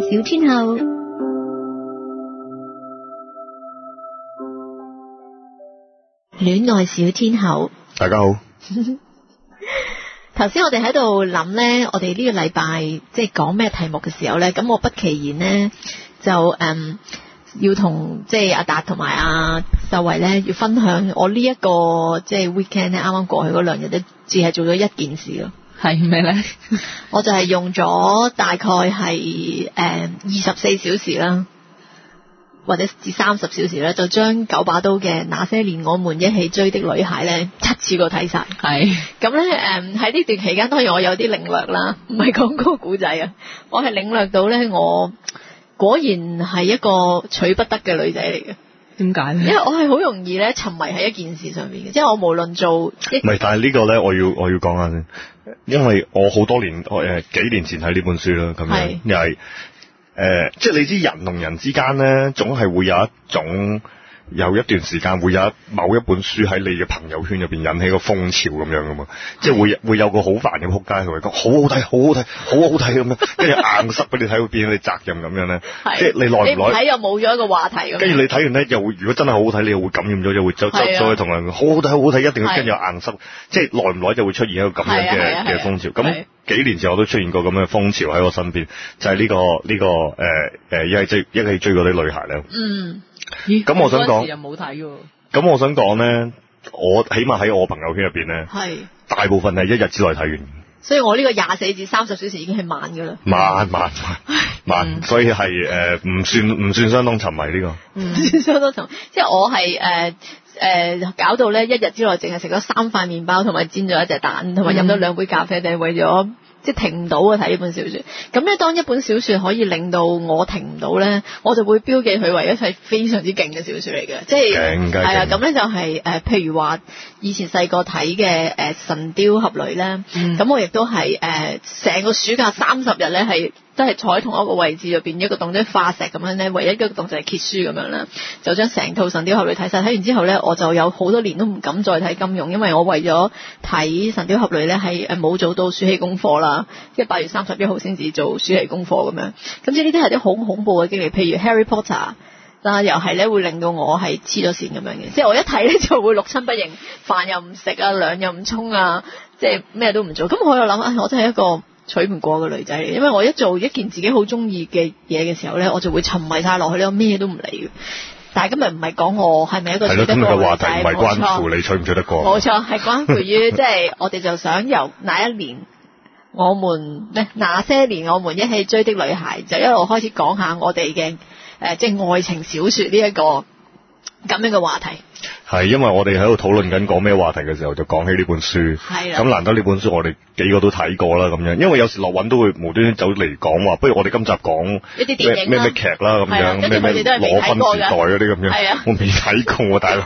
小天后，戀愛小天后，大家好。頭先 我哋喺度諗咧，我哋呢個禮拜即係講咩題目嘅時候咧，咁我不其然咧就誒、嗯、要同即係阿達同埋阿秀慧咧要分享我呢一個即係 weekend 咧啱啱過去嗰兩日都只係做咗一件事咯。係咩咧？是是我就係用咗大概係誒二十四小時啦，或者至三十小時咧，就將九把刀嘅那些年我們一起追的女孩咧，七次過睇晒。係咁咧，誒喺呢、嗯、段期間，當然我有啲領略啦，唔係講個古仔啊，我係領略到咧，我果然係一個取不得嘅女仔嚟嘅。點解咧？因為我係好容易咧沉迷喺一件事上面嘅，即係我無論做唔係，但係呢個咧，我要我要講下先，因為我好多年我誒幾年前睇呢本書啦，咁樣又係誒，即係你知人同人之間咧，總係會有一種。有一段時間會有一某一本書喺你嘅朋友圈入邊引起個風潮咁樣噶嘛，即係會會有個好煩嘅扑街佢話講好好睇好好睇好好睇咁樣，跟住硬塞俾你睇，會變咗你責任咁樣咧，即係你耐唔耐睇又冇咗一個話題。跟住你睇完咧又如果真係好好睇，你又會感染咗就會走走再去同人好好睇好好睇，一定要跟住硬塞，即係耐唔耐就會出現一個咁樣嘅嘅風潮。咁幾年前我都出現過咁樣嘅風潮喺我身邊，就係呢個呢個誒誒一起追一起追嗰啲女孩咧，嗯。咁咦我想講，又冇睇噶，咁我想講咧，我起碼喺我朋友圈入邊咧，是大部分係一日之內睇完。所以我呢個廿四至三十小時已經係慢噶啦，慢慢慢慢，所以係誒唔算唔算相當沉迷呢個。唔算相當沉迷，即係我係誒誒搞到咧一日之內淨係食咗三塊麵包，同埋煎咗一隻蛋，同埋飲咗兩杯咖啡，定係為咗。即係停唔到啊！睇呢本小說，咁咧當一本小説可以令到我停唔到咧，我就會標記佢為一係非常之勁嘅小説嚟嘅，即係係啊。咁咧就係誒，譬如話以前細個睇嘅誒《神雕俠侶》咧，咁、嗯、我亦都係誒成個暑假三十日咧係。都係坐喺同一個位置入邊，一個動作化石咁樣咧，唯一一個動作係揭書咁樣啦，就將成套神雕俠侶睇晒。睇完之後咧，我就有好多年都唔敢再睇金庸，因為我為咗睇神雕俠侶咧，係誒冇做到暑期功課啦，即係八月三十一號先至做暑期功課咁樣。咁即呢啲係啲好恐怖嘅經歷，譬如 Harry Potter，但係又係咧會令到我係黐咗線咁樣嘅， 即係我一睇咧就會六親不認，飯又唔食啊，涼又唔沖啊，即係咩都唔做。咁我又諗啊、哎，我真係一個。娶唔過個女仔嚟，因為我一做一件自己好中意嘅嘢嘅時候咧，我就會沉迷晒落去咧，我咩都唔理。但係今日唔係講我係咪一個女仔，係咯，今日嘅話題唔係關乎你娶唔娶得過，冇錯係關乎於即係我哋就想由那一年，我們咩那些年我們一起追的女孩，就一路開始講下我哋嘅誒即係愛情小說呢一個咁樣嘅話題。係，因為我哋喺度討論緊講咩話題嘅時候，就講起呢本書。係。咁難得呢本書，我哋幾個都睇過啦，咁樣。因為有時諾韻都會無端端走嚟講話，不如我哋今集講一啲電影咩咩劇啦，咁樣咩咩裸婚時代嗰啲咁樣。我未睇過，大佬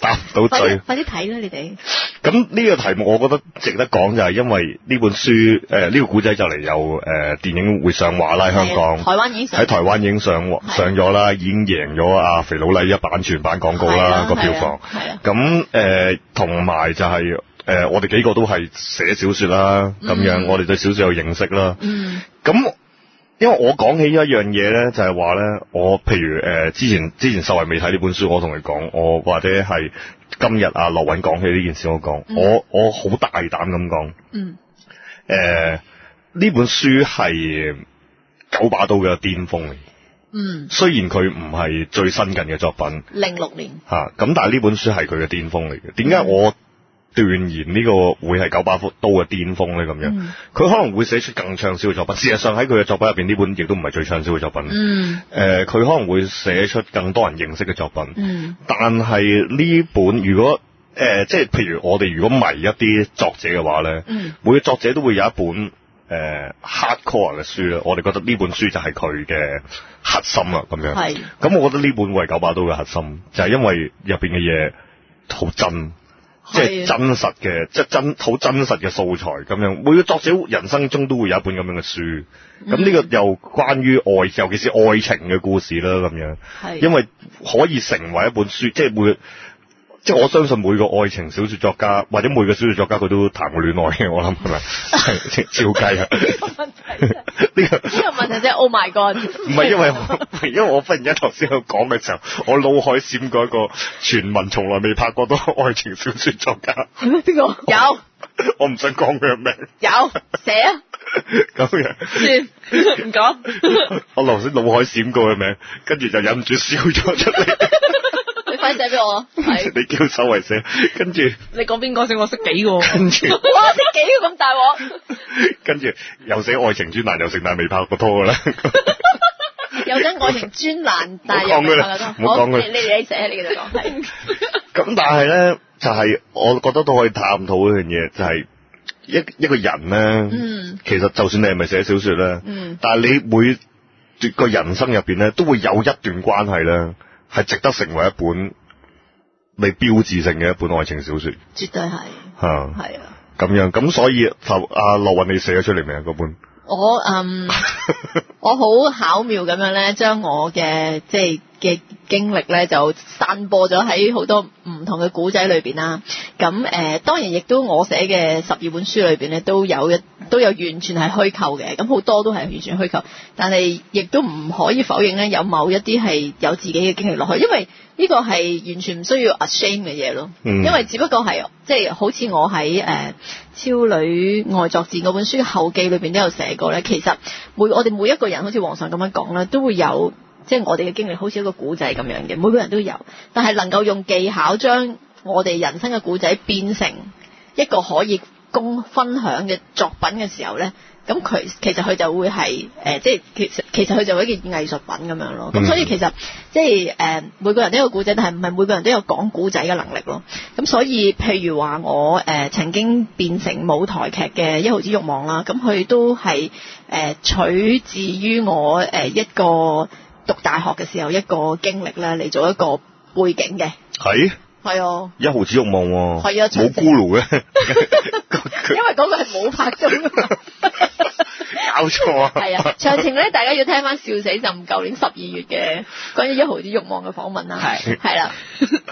答唔到嘴。快啲睇啦，你哋。咁呢個題目我覺得值得講，就係因為呢本書誒呢個古仔就嚟有誒電影會上畫啦，香港，台灣喺台灣已經上咗啦，已經贏咗阿肥佬黎一版全版廣告。啦，個票房，咁，誒，同埋就係、是、誒、呃、我哋幾個都係寫小說啦，咁樣、嗯、我哋對小說有認識啦。咁、嗯、因為我講起一樣嘢咧，就係話咧，我譬如誒、呃、之前之前秀慧未睇呢本書，我同你講，我或者係今日阿諾韻講起呢件事我、嗯我，我講，我我好大膽咁講，誒呢、呃、本書係九把刀嘅巔峰嚟。嗯，雖然佢唔係最新近嘅作品，零六年吓，咁但係呢本書係佢嘅巔峰嚟嘅。點解我斷言呢個會係九把刀嘅巔峰咧？咁樣、嗯，佢可能會寫出更暢銷嘅作品。事實上喺佢嘅作品入邊，呢本亦都唔係最暢銷嘅作品。嗯，誒、呃，佢可能會寫出更多人認識嘅作品。嗯，但係呢本如果誒、呃，即係譬如我哋如果迷一啲作者嘅話咧，嗯、每個作者都會有一本。誒，hardcore 嘅書啦，我哋覺得呢本書就係佢嘅核心啦，咁是樣。係。咁我覺得呢本會係九把刀嘅核心，就係、是、因為入邊嘅嘢好真，即係是真實嘅，即、就、係、是、真好真實嘅素材咁樣。每個作者人生中都會有一本咁樣嘅書，咁呢、嗯、個又關於愛，尤其是愛情嘅故事啦，咁樣。係是。因為可以成為一本書，即係每。即係我相信每個愛情小說作家或者每個小說作家佢都談過戀愛嘅，我諗係咪？照計啊！呢、 這個呢個問題真係 Oh my God！唔係因為，因為我忽然間頭先講嘅時候，我腦海閃過一個全民，從來未拍過多愛情小說作家。邊、 這個？我有。 我唔想講佢個名。有。寫啊。咁 樣。算，唔講。 我頭先腦海閃過嘅名，跟住就忍唔住笑咗出嚟。 快寫俾我，你叫手圍寫，跟住你講邊個先？我識幾個，跟住我，識幾個咁大鑊，跟住又寫愛情專欄，又成但未拍過拖噶啦，又寫愛情專欄，但又未拍過拖，唔好講佢，你你寫你嘅就講，咁但係咧就係我覺得都可以探討一樣嘢，就係一一個人咧，其實就算你係咪寫小說咧，但係你每個人生入邊咧都會有一段關係咧。係值得成為一本未標誌性嘅一本愛情小說，絕對係，吓係、uh, 啊，咁樣咁所以，就阿諾韻你寫咗出嚟未啊？嗰本我嗯，um, 我好巧妙咁樣咧，將我嘅即係。嘅經歷咧，就散播咗喺好多唔同嘅古仔裏邊啦。咁誒、呃，當然亦都我寫嘅十二本書裏邊咧，都有一都有完全係虛構嘅。咁好多都係完全虛構，但係亦都唔可以否認咧，有某一啲係有自己嘅經歷落去。因為呢個係完全唔需要 ashamed 嘅嘢咯。嗯。因為只不過係即係好似我喺誒、呃《超女外作戰》嗰本書後記裏邊都有寫過咧。其實每我哋每一個人，好似皇上咁樣講咧，都會有。即係我哋嘅經歷，好似一個古仔咁樣嘅，每個人都有。但係能夠用技巧將我哋人生嘅古仔變成一個可以公分享嘅作品嘅時候呢。咁佢其實佢就會係誒，即係其實其實佢就會一件藝術品咁樣咯。咁、嗯、所以其實即係誒，每個人都有古仔，但係唔係每個人都有講古仔嘅能力咯。咁所以譬如話我誒曾經變成舞台劇嘅《一毫子欲望》啦，咁佢都係誒取自於我誒一個讀大學嘅時候一個經歷咧嚟，做一個背景嘅，係係哦， 一毫子慾望，係啊，冇 咕嚕嘅， 因為嗰個係冇拍中。 搞錯係啊！ 長情咧，大家要聽翻笑死就唔，舊年十二月嘅關於一毫子慾望嘅訪問啦，係係啦。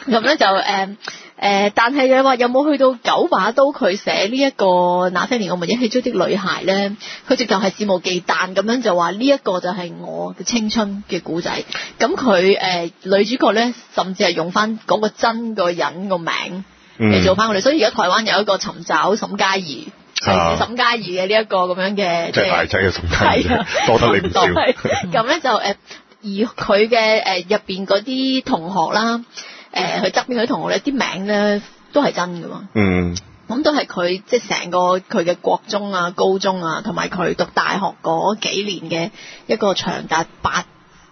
咁咧就誒誒，但係你話有冇去到九把刀佢寫呢、這、一個那些年我們一起追的女孩咧？佢直頭係肆無忌憚咁樣就話呢一個就係我嘅青春嘅古仔。咁佢誒女主角咧，甚至係用翻嗰個真個人個名嚟做翻我哋。嗯、所以而家台灣有一個尋找沈佳宜。沈佳宜嘅呢一個咁樣嘅即係大仔嘅沈佳宜，的多得你唔少。咁咧、嗯、 就誒、呃，而佢嘅誒入邊嗰啲同學啦，誒佢側邊佢同學咧啲名咧都係真噶嘛。嗯，咁都係佢即係成個佢嘅國中啊、高中啊，同埋佢讀大學嗰幾年嘅一個長達八。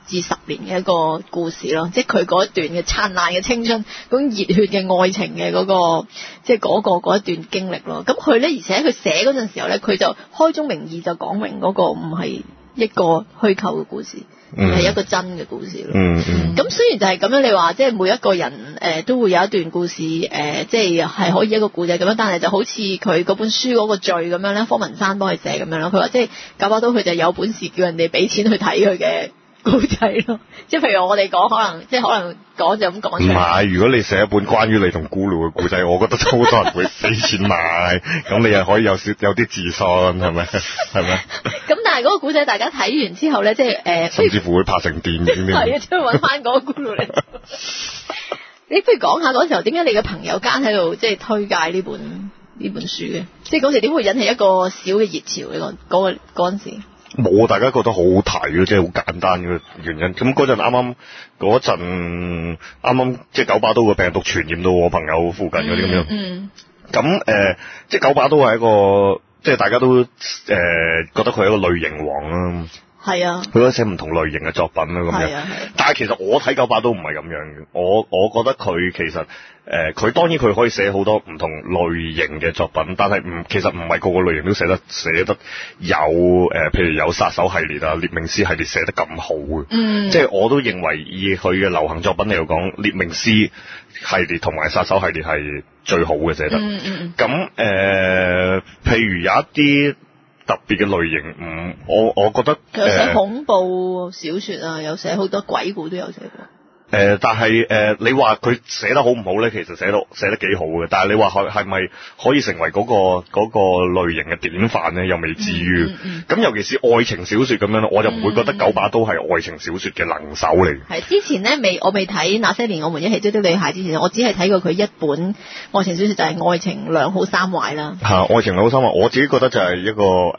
至十年嘅一個故事咯，即係佢嗰一段嘅燦爛嘅青春，嗰種熱血嘅愛情嘅嗰、那個，即係嗰、那個嗰一段經歷咯。咁佢咧，而且佢寫嗰陣時候咧，佢就開宗明義就講明嗰個唔係一個虛構嘅故事，係一個真嘅故事咯。咁、嗯嗯嗯、雖然就係咁樣，你話即係每一個人誒、呃、都會有一段故事誒、呃，即係係可以一個故仔咁樣，但係就好似佢嗰本書嗰個序咁樣咧，方文山幫佢寫咁樣咯。佢話即係九把刀，佢就有本事叫人哋俾錢去睇佢嘅。古仔咯，即係譬如我哋講，可能即係可能講就咁講。唔係，如果你寫一本關於你同咕嚕嘅古仔，我覺得好多人會畀錢買。咁 你又可以有少有啲自信，係咪？係咪？咁但係嗰個古仔，大家睇完之後咧，即係誒，呃、甚至乎會拍成電影嘅，係啊， 即係搵翻嗰個咕嚕嚟。 你不如講下嗰時候，點解你嘅朋友間喺度即係推介呢本呢本書嘅？即係嗰時點會引起一個小嘅熱潮？呢、嗰個嗰、嗰個嗰陣時。冇啊！大家覺得好好睇咯，即係好簡單嘅原因。咁嗰陣啱啱嗰陣啱啱，即係、就是、九把刀嘅病毒傳染到我朋友附近嗰啲咁樣嗯。嗯，咁誒、呃，即係九把刀係一個，即係大家都誒、呃、覺得佢係一個類型王啦、啊。係啊，佢可以寫唔同類型嘅作品咯，咁、啊、樣。但係其實我睇九把刀都唔係咁樣嘅，我我覺得佢其實，誒、呃，佢當然佢可以寫好多唔同類型嘅作品，但係唔，其實唔係個個類型都寫得寫得有，誒、呃，譬如有殺手系列啊，獵命師系列寫得咁好嘅。嗯。即係我都認為以佢嘅流行作品嚟講，獵命師系列同埋殺手系列係最好嘅寫得。嗯嗯嗯。咁、嗯、誒、呃，譬如有一啲。特別嘅類型，嗯，我我覺得。佢有寫恐怖小說啊，有寫好多鬼故都有寫過。誒，但係誒，你話佢寫得好唔好咧？其實寫得寫得幾好嘅，但係你話係係咪可以成為個個類型嘅典範咧？又未至於。咁尤其是愛情小說咁樣我就唔會覺得九把刀係愛情小說嘅能手嚟嘅，係之前咧，未我未睇那些年我們一起追的女孩之前，我只係睇過佢一本愛情小說，就係愛情兩好三壞啦。吓，愛情兩好三壞，我自己覺得就係一個誒，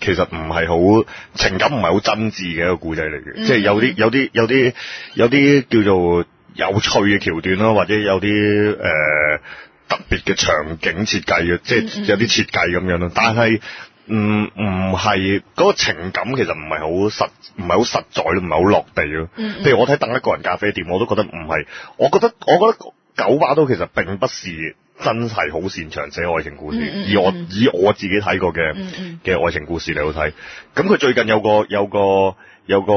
其實唔係好情感唔係好真摯嘅一個故仔嚟嘅，即係有啲有啲有啲有啲叫做有趣嘅橋段咯，或者有啲誒、呃、特別嘅場景設計嘅，即係有啲設計咁樣咯。但係唔唔係嗰個情感，其實唔係好實，唔係好實在，唔係好落地咯。譬如我睇《等一個人咖啡店》，我都覺得唔係。我覺得，我覺得九把刀其實並不是真係好擅長寫愛情故事。嗯，嗯，嗯以我以我自己睇過嘅嘅、嗯嗯、愛情故事嚟好睇，咁佢最近有個有個。有個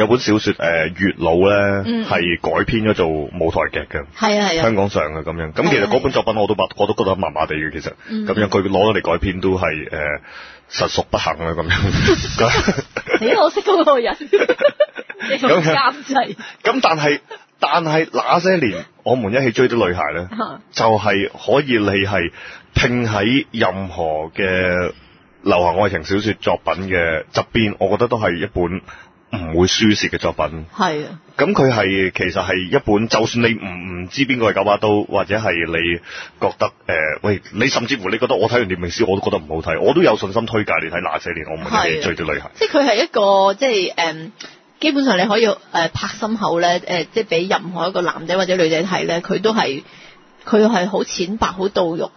有本小說誒《月、呃、老呢》咧，係改編咗做舞台劇嘅，係啊係啊，香港上嘅咁樣。咁其實嗰本作品我都麻，我都覺得麻麻地嘅其實。咁樣佢攞咗嚟改編都係誒實屬不行不幸啦咁樣。你我識嗰個人，你個監製。咁但係但係那些年，我們一起追啲女孩咧，嗯、就係可以你係拼喺任何嘅。流行愛情小說作品嘅側邊，我覺得都係一本唔會輸蝕嘅作品。係啊的，咁佢係其實係一本，就算你唔唔知邊個係九把刀，或者係你覺得誒、呃，喂，你甚至乎你覺得我睇完《獵命師》，我都覺得唔好睇，我都有信心推介你睇那些年》我。我唔會追啲旅行，即係佢係一個即係誒，um, 基本上你可以誒、uh, 拍心口咧，誒、uh,，即係俾任何一個男仔或者女仔睇咧，佢都係佢係好淺白，好到肉。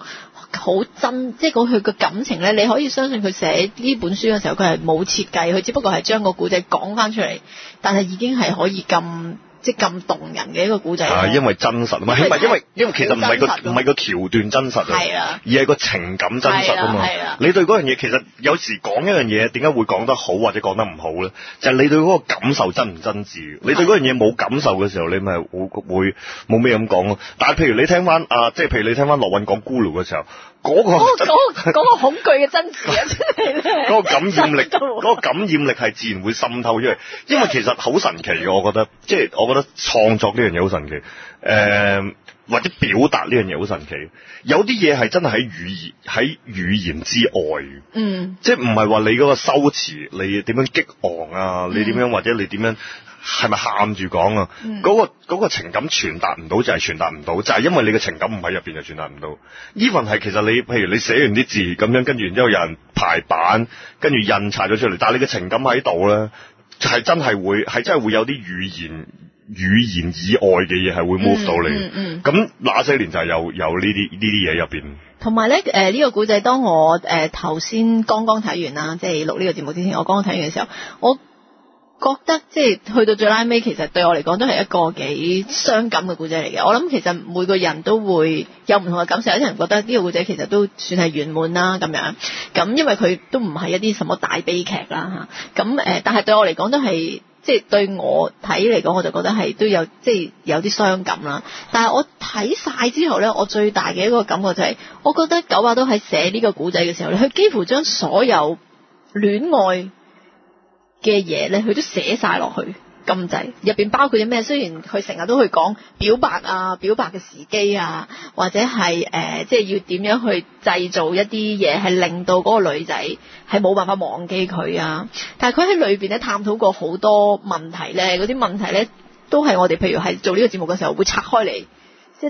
好真，即係嗰佢嘅感情咧，你可以相信佢寫呢本書嘅時候，佢係冇設計，佢只不過係將個古仔講翻出嚟，但係已經係可以咁。即咁動人嘅一個古仔，係、啊、因為真實啊嘛，唔係因為因為其實唔係個唔係個橋段真實啊，的而係個情感真實啊嘛。你對嗰樣嘢其實有時講一樣嘢，點解會講得好或者講得唔好咧？就係、是、你對嗰個感受真唔真摯？的你對嗰樣嘢冇感受嘅時候，你咪會會冇咩咁講咯。但係譬如你聽翻啊，即係譬如你聽翻諾韻講咕嚕嘅時候。嗰、嗰個嗰個恐懼嘅真珠嗰 個感染力，嗰 個感染力係自然會滲透出嚟。因為其實好神奇，我覺得，即係我覺得創作呢樣嘢好神奇，誒、呃，或者表達呢樣嘢好神奇。有啲嘢係真係喺語言喺語言之外，嗯，即係唔係話你嗰個修辭，你點樣激昂啊？你點樣、嗯、或者你點樣？係咪喊住講啊？嗰個、嗯、嗰個情感傳達唔到就係傳達唔到，就係、係就係、因為你嘅情感唔喺入邊就傳達唔到。even 係其實你譬如你寫完啲字咁樣，跟住然之後有人排版，跟住印刷咗出嚟，但係你嘅情感喺度咧，係真係會係真係會有啲語言語言以外嘅嘢係會 move 到你。嗯咁、嗯嗯、咁，那些年就係有有，有呢啲呢啲嘢入邊。同埋咧，誒、呢、呢個古仔，當我誒頭先剛剛睇完啦，即係錄呢個節目之前，我剛剛睇完嘅時候，我。覺得即係去到最拉尾，其實對我嚟講都係一個幾傷感嘅故仔嚟嘅。我諗其實每個人都會有唔同嘅感受，有啲人覺得呢個故仔其實都算係圓滿啦咁樣。咁因為佢都唔係一啲什麼大悲劇啦吓。咁、啊、誒，但係對我嚟講都係即係對我睇嚟講，我就覺得係都有即係、就是、有啲傷感啦。但係我睇晒之後呢，我最大嘅一個感覺就係、是，我覺得九把刀都喺寫呢個故仔嘅時候咧，佢幾乎將所有戀愛。嘅嘢咧，佢都寫晒落去，咁滯，入邊包括啲咩？雖然佢成日都去講表白啊、表白嘅時機啊，或者係誒、呃，即係要點樣去製造一啲嘢，係令到嗰個女仔係冇辦法忘記佢啊。但係佢喺裏邊咧，探討過好多問題咧，嗰啲問題咧，都係我哋譬如係做呢個節目嘅時候會拆開嚟。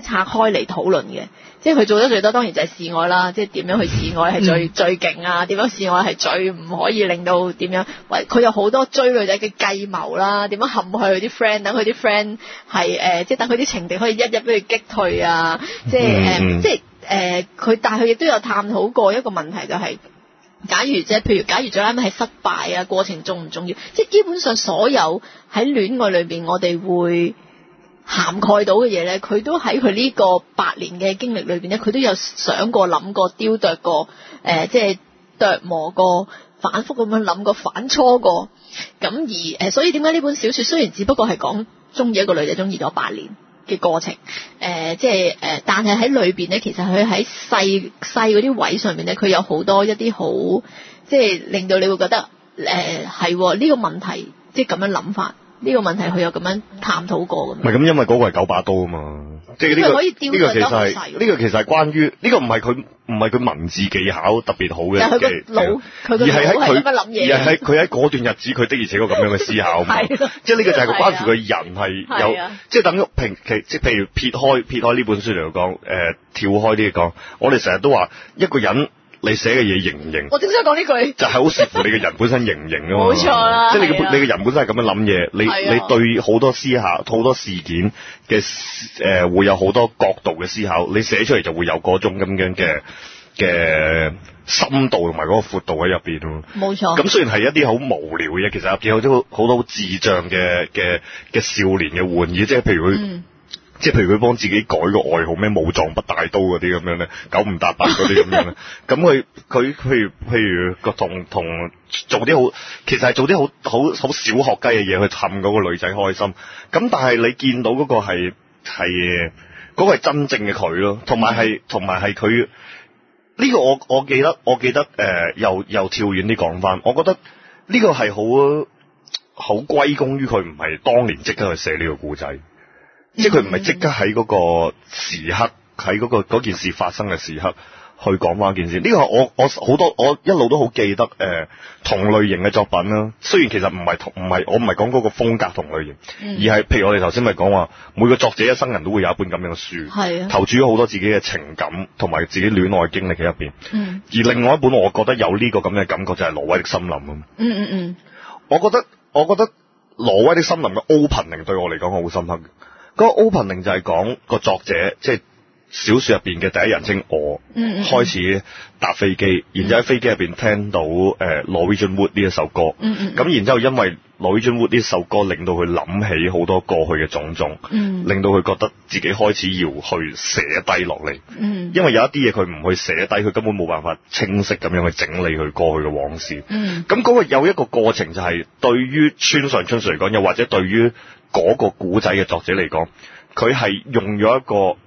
即拆開嚟討論嘅，即係佢做得最多，當然就係示愛啦。即係點樣去示愛係最、嗯、最勁啊？點樣示愛係最唔可以令到點樣？喂，佢有好多追女仔嘅計謀啦。點樣陷害佢啲 friend？等佢啲 friend 係誒，即係等佢啲情敵可以一一俾佢擊退啊！嗯、即係誒，即係誒，佢但係佢亦都有探討過一個問題、就是，就係假如啫，譬如假如最啱係失敗啊，過程重唔重要？即係基本上所有喺戀愛裏邊，我哋會涵蓋到嘅嘢咧，佢都喺佢呢個八年嘅經歷裏邊咧，佢都有想過諗過雕琢過，誒、呃，即係琢磨過，反覆咁樣諗過反磋過，咁而誒、呃，所以點解呢本小說雖然只不過係講中意一個女仔中意咗八年嘅過程，誒、呃，即係誒、呃，但係喺裏邊咧，其實佢喺細細嗰啲位上面咧，佢有好多一啲好，即係令到你會覺得誒係呢個問題，即係咁樣諗法。呢個問題佢有咁樣探討過，咁唔係咁，因為嗰個係九把刀啊嘛，即係呢個可以呢個其實係呢個其實係關於呢個唔係佢唔係佢文字技巧特別好嘅嘅，而係喺佢而係喺佢喺嗰段日子佢的而且確咁樣嘅思考， 的即係呢個就係關乎佢人係有，的即係等平其即係譬如撇開撇開呢本書嚟講，誒、呃、跳開呢嚟講，我哋成日都話一個人。你寫嘅嘢型唔型？我正想講呢句， 就係好視乎你嘅人本身型唔型 啊嘛！冇錯，即係、啊、你嘅你嘅人本身係咁樣諗嘢，你、啊、你對好多思考、好多事件嘅誒、呃，會有好多角度嘅思考，你寫出嚟就會有嗰種咁樣嘅嘅深度同埋嗰個闊度喺入邊咯。冇錯。咁雖然係一啲好無聊嘅嘢，其實入邊有啲好多好智障嘅嘅嘅少年嘅玩意，即、就、係、是、譬如佢。嗯即係譬如佢幫自己改個外號咩武藏不大刀嗰啲咁樣咧，九唔搭八嗰啲咁樣咧，咁佢佢譬如譬如個同同做啲好，其實係做啲好好好小學雞嘅嘢，去氹嗰個女仔開心。咁但係你見到嗰個係係嗰個係真正嘅佢咯，同埋係同埋係佢呢個我我記得我記得誒、呃、又又跳遠啲講翻，我覺得呢個係好好歸功於佢唔係當年即刻去寫呢個故仔。即係佢唔係即刻喺嗰個時刻喺嗰、嗰個件事發生嘅時刻去講翻件事，呢個我我好多我一路都好記得誒、呃、同類型嘅作品啦。雖然其實唔係同唔係我唔係講嗰個風格同類型，嗯、而係譬如我哋頭先咪講話每個作者一生人都會有一本咁樣嘅書，係啊，投注咗好多自己嘅情感同埋自己戀愛經歷嘅入邊。嗯、而另外一本我覺得有呢個咁嘅感覺就係《挪威的森林》咯、嗯。嗯嗯嗯，我覺得我覺得《挪威的森林》嘅 opening 對我嚟講我好深刻。嗰個 opening 就係講個作者，即、就、係、是、小説入邊嘅第一人稱我，mm hmm. 開始搭飛機，mm hmm. 然之後喺飛機入邊聽到誒《Norwegian Wood》呢一首歌，咁、mm hmm. 然之後因為《Norwegian Wood》呢首歌令到佢諗起好多過去嘅種種，mm hmm. 令到佢覺得自己開始要去寫低落嚟，mm hmm. 因為有一啲嘢佢唔去寫低，佢根本冇辦法清晰咁樣去整理佢過去嘅往事。咁嗰、mm hmm. 個有一個過程，就係對於村上春樹嚟講，又或者對於嗰個古仔嘅作者嚟講，佢係用咗一個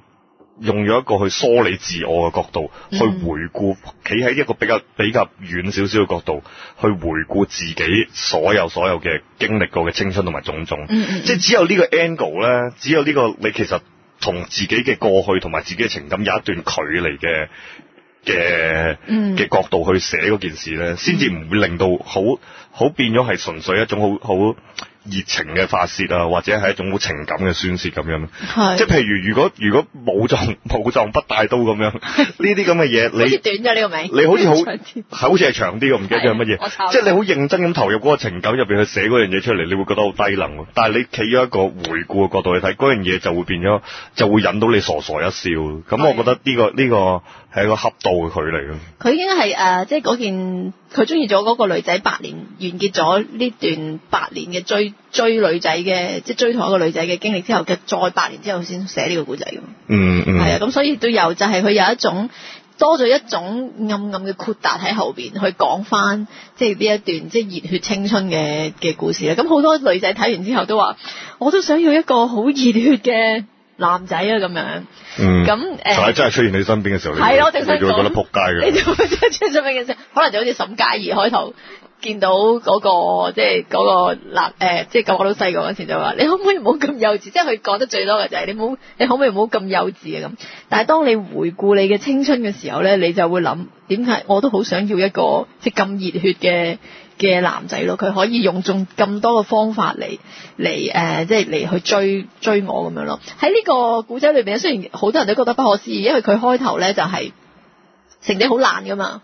用咗一個去疏離自我嘅角，、嗯、角度，去回顧企喺一個比較比較遠少少嘅角度，去回顧自己所有所有嘅經歷過嘅青春同埋種種。嗯、即係只有呢個 angle 呢只有呢、呢個你其實同自己嘅過去同埋自己嘅情感有一段距離嘅嘅嘅角度去寫嗰件事呢先至唔會令到好好變咗係純粹一種好好。好熱情嘅發泄啊，或者係一種好情感嘅宣泄咁樣咯。的即係譬如如果如果武藏武藏不帶刀咁樣，呢啲咁嘅嘢你短咗呢個名，你 好似好好似係長啲嘅，唔記得係乜嘢。即係你好認真咁投入嗰個情感入邊去寫嗰樣嘢出嚟，你會覺得好低能。但係你企咗一個回顧嘅角度去睇嗰樣嘢，就會變咗就會引到你傻傻一笑。咁的我覺得呢、呢個呢、呢個係、呢個、一個恰到嘅距離咯。佢應該係誒，即係嗰件佢中意咗嗰個女仔八年，完結咗呢段八年嘅追。追女仔嘅，即係追同一個女仔嘅經歷之後嘅，再八年之後先寫呢個故仔嘅，嗯。嗯嗯，係啊，咁所以都有，就係佢有一種多咗一種暗暗嘅豁達喺後邊，去講翻即係呢一段即係熱血青春嘅嘅故事啦。咁好多女仔睇完之後都話，我都想要一個好熱血嘅男仔啊，咁樣咁誒，嗯、那真係出現你身邊嘅時候，係咯，就會覺得撲街嘅。你、呃、就真係出現身邊嘅時候，可能就好似沈佳宜開頭見到嗰個即係嗰個男誒，即係講我老細嗰陣時就話：你可唔可以唔好咁幼稚？即係佢講得最多嘅就係你冇，你可唔可以唔好咁幼稚啊？咁但係當你回顧你嘅青春嘅時候咧，你就會諗點解我都好想要一個即係咁熱血嘅。嘅男仔咯，佢可以用盡咁多嘅方法嚟嚟誒，即係嚟去追追我咁樣咯。喺呢個古仔裏邊咧，雖然好多人都覺得不可思議，因為佢開頭呢就係、是、成績好爛噶嘛，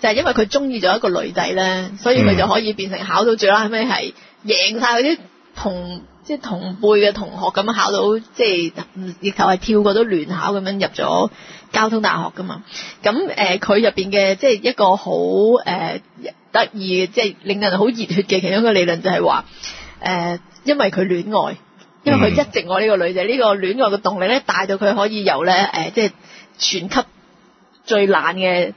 就係、是、因為佢中意咗一個女仔呢，所以佢就可以變成考到最啦。後尾係贏曬嗰啲同即係同輩嘅同學咁樣考到，即係亦求係跳過咗聯考咁樣入咗交通大學噶嘛。咁誒佢入邊嘅即係一個好誒。呃得意嘅，即係令人好熱血嘅其中一個理論就係話，誒、呃，因為佢戀愛，因為佢一直愛呢個女仔，呢、這個戀愛嘅動力咧，帶到佢可以由咧誒、呃，即係全級最懶嘅誒、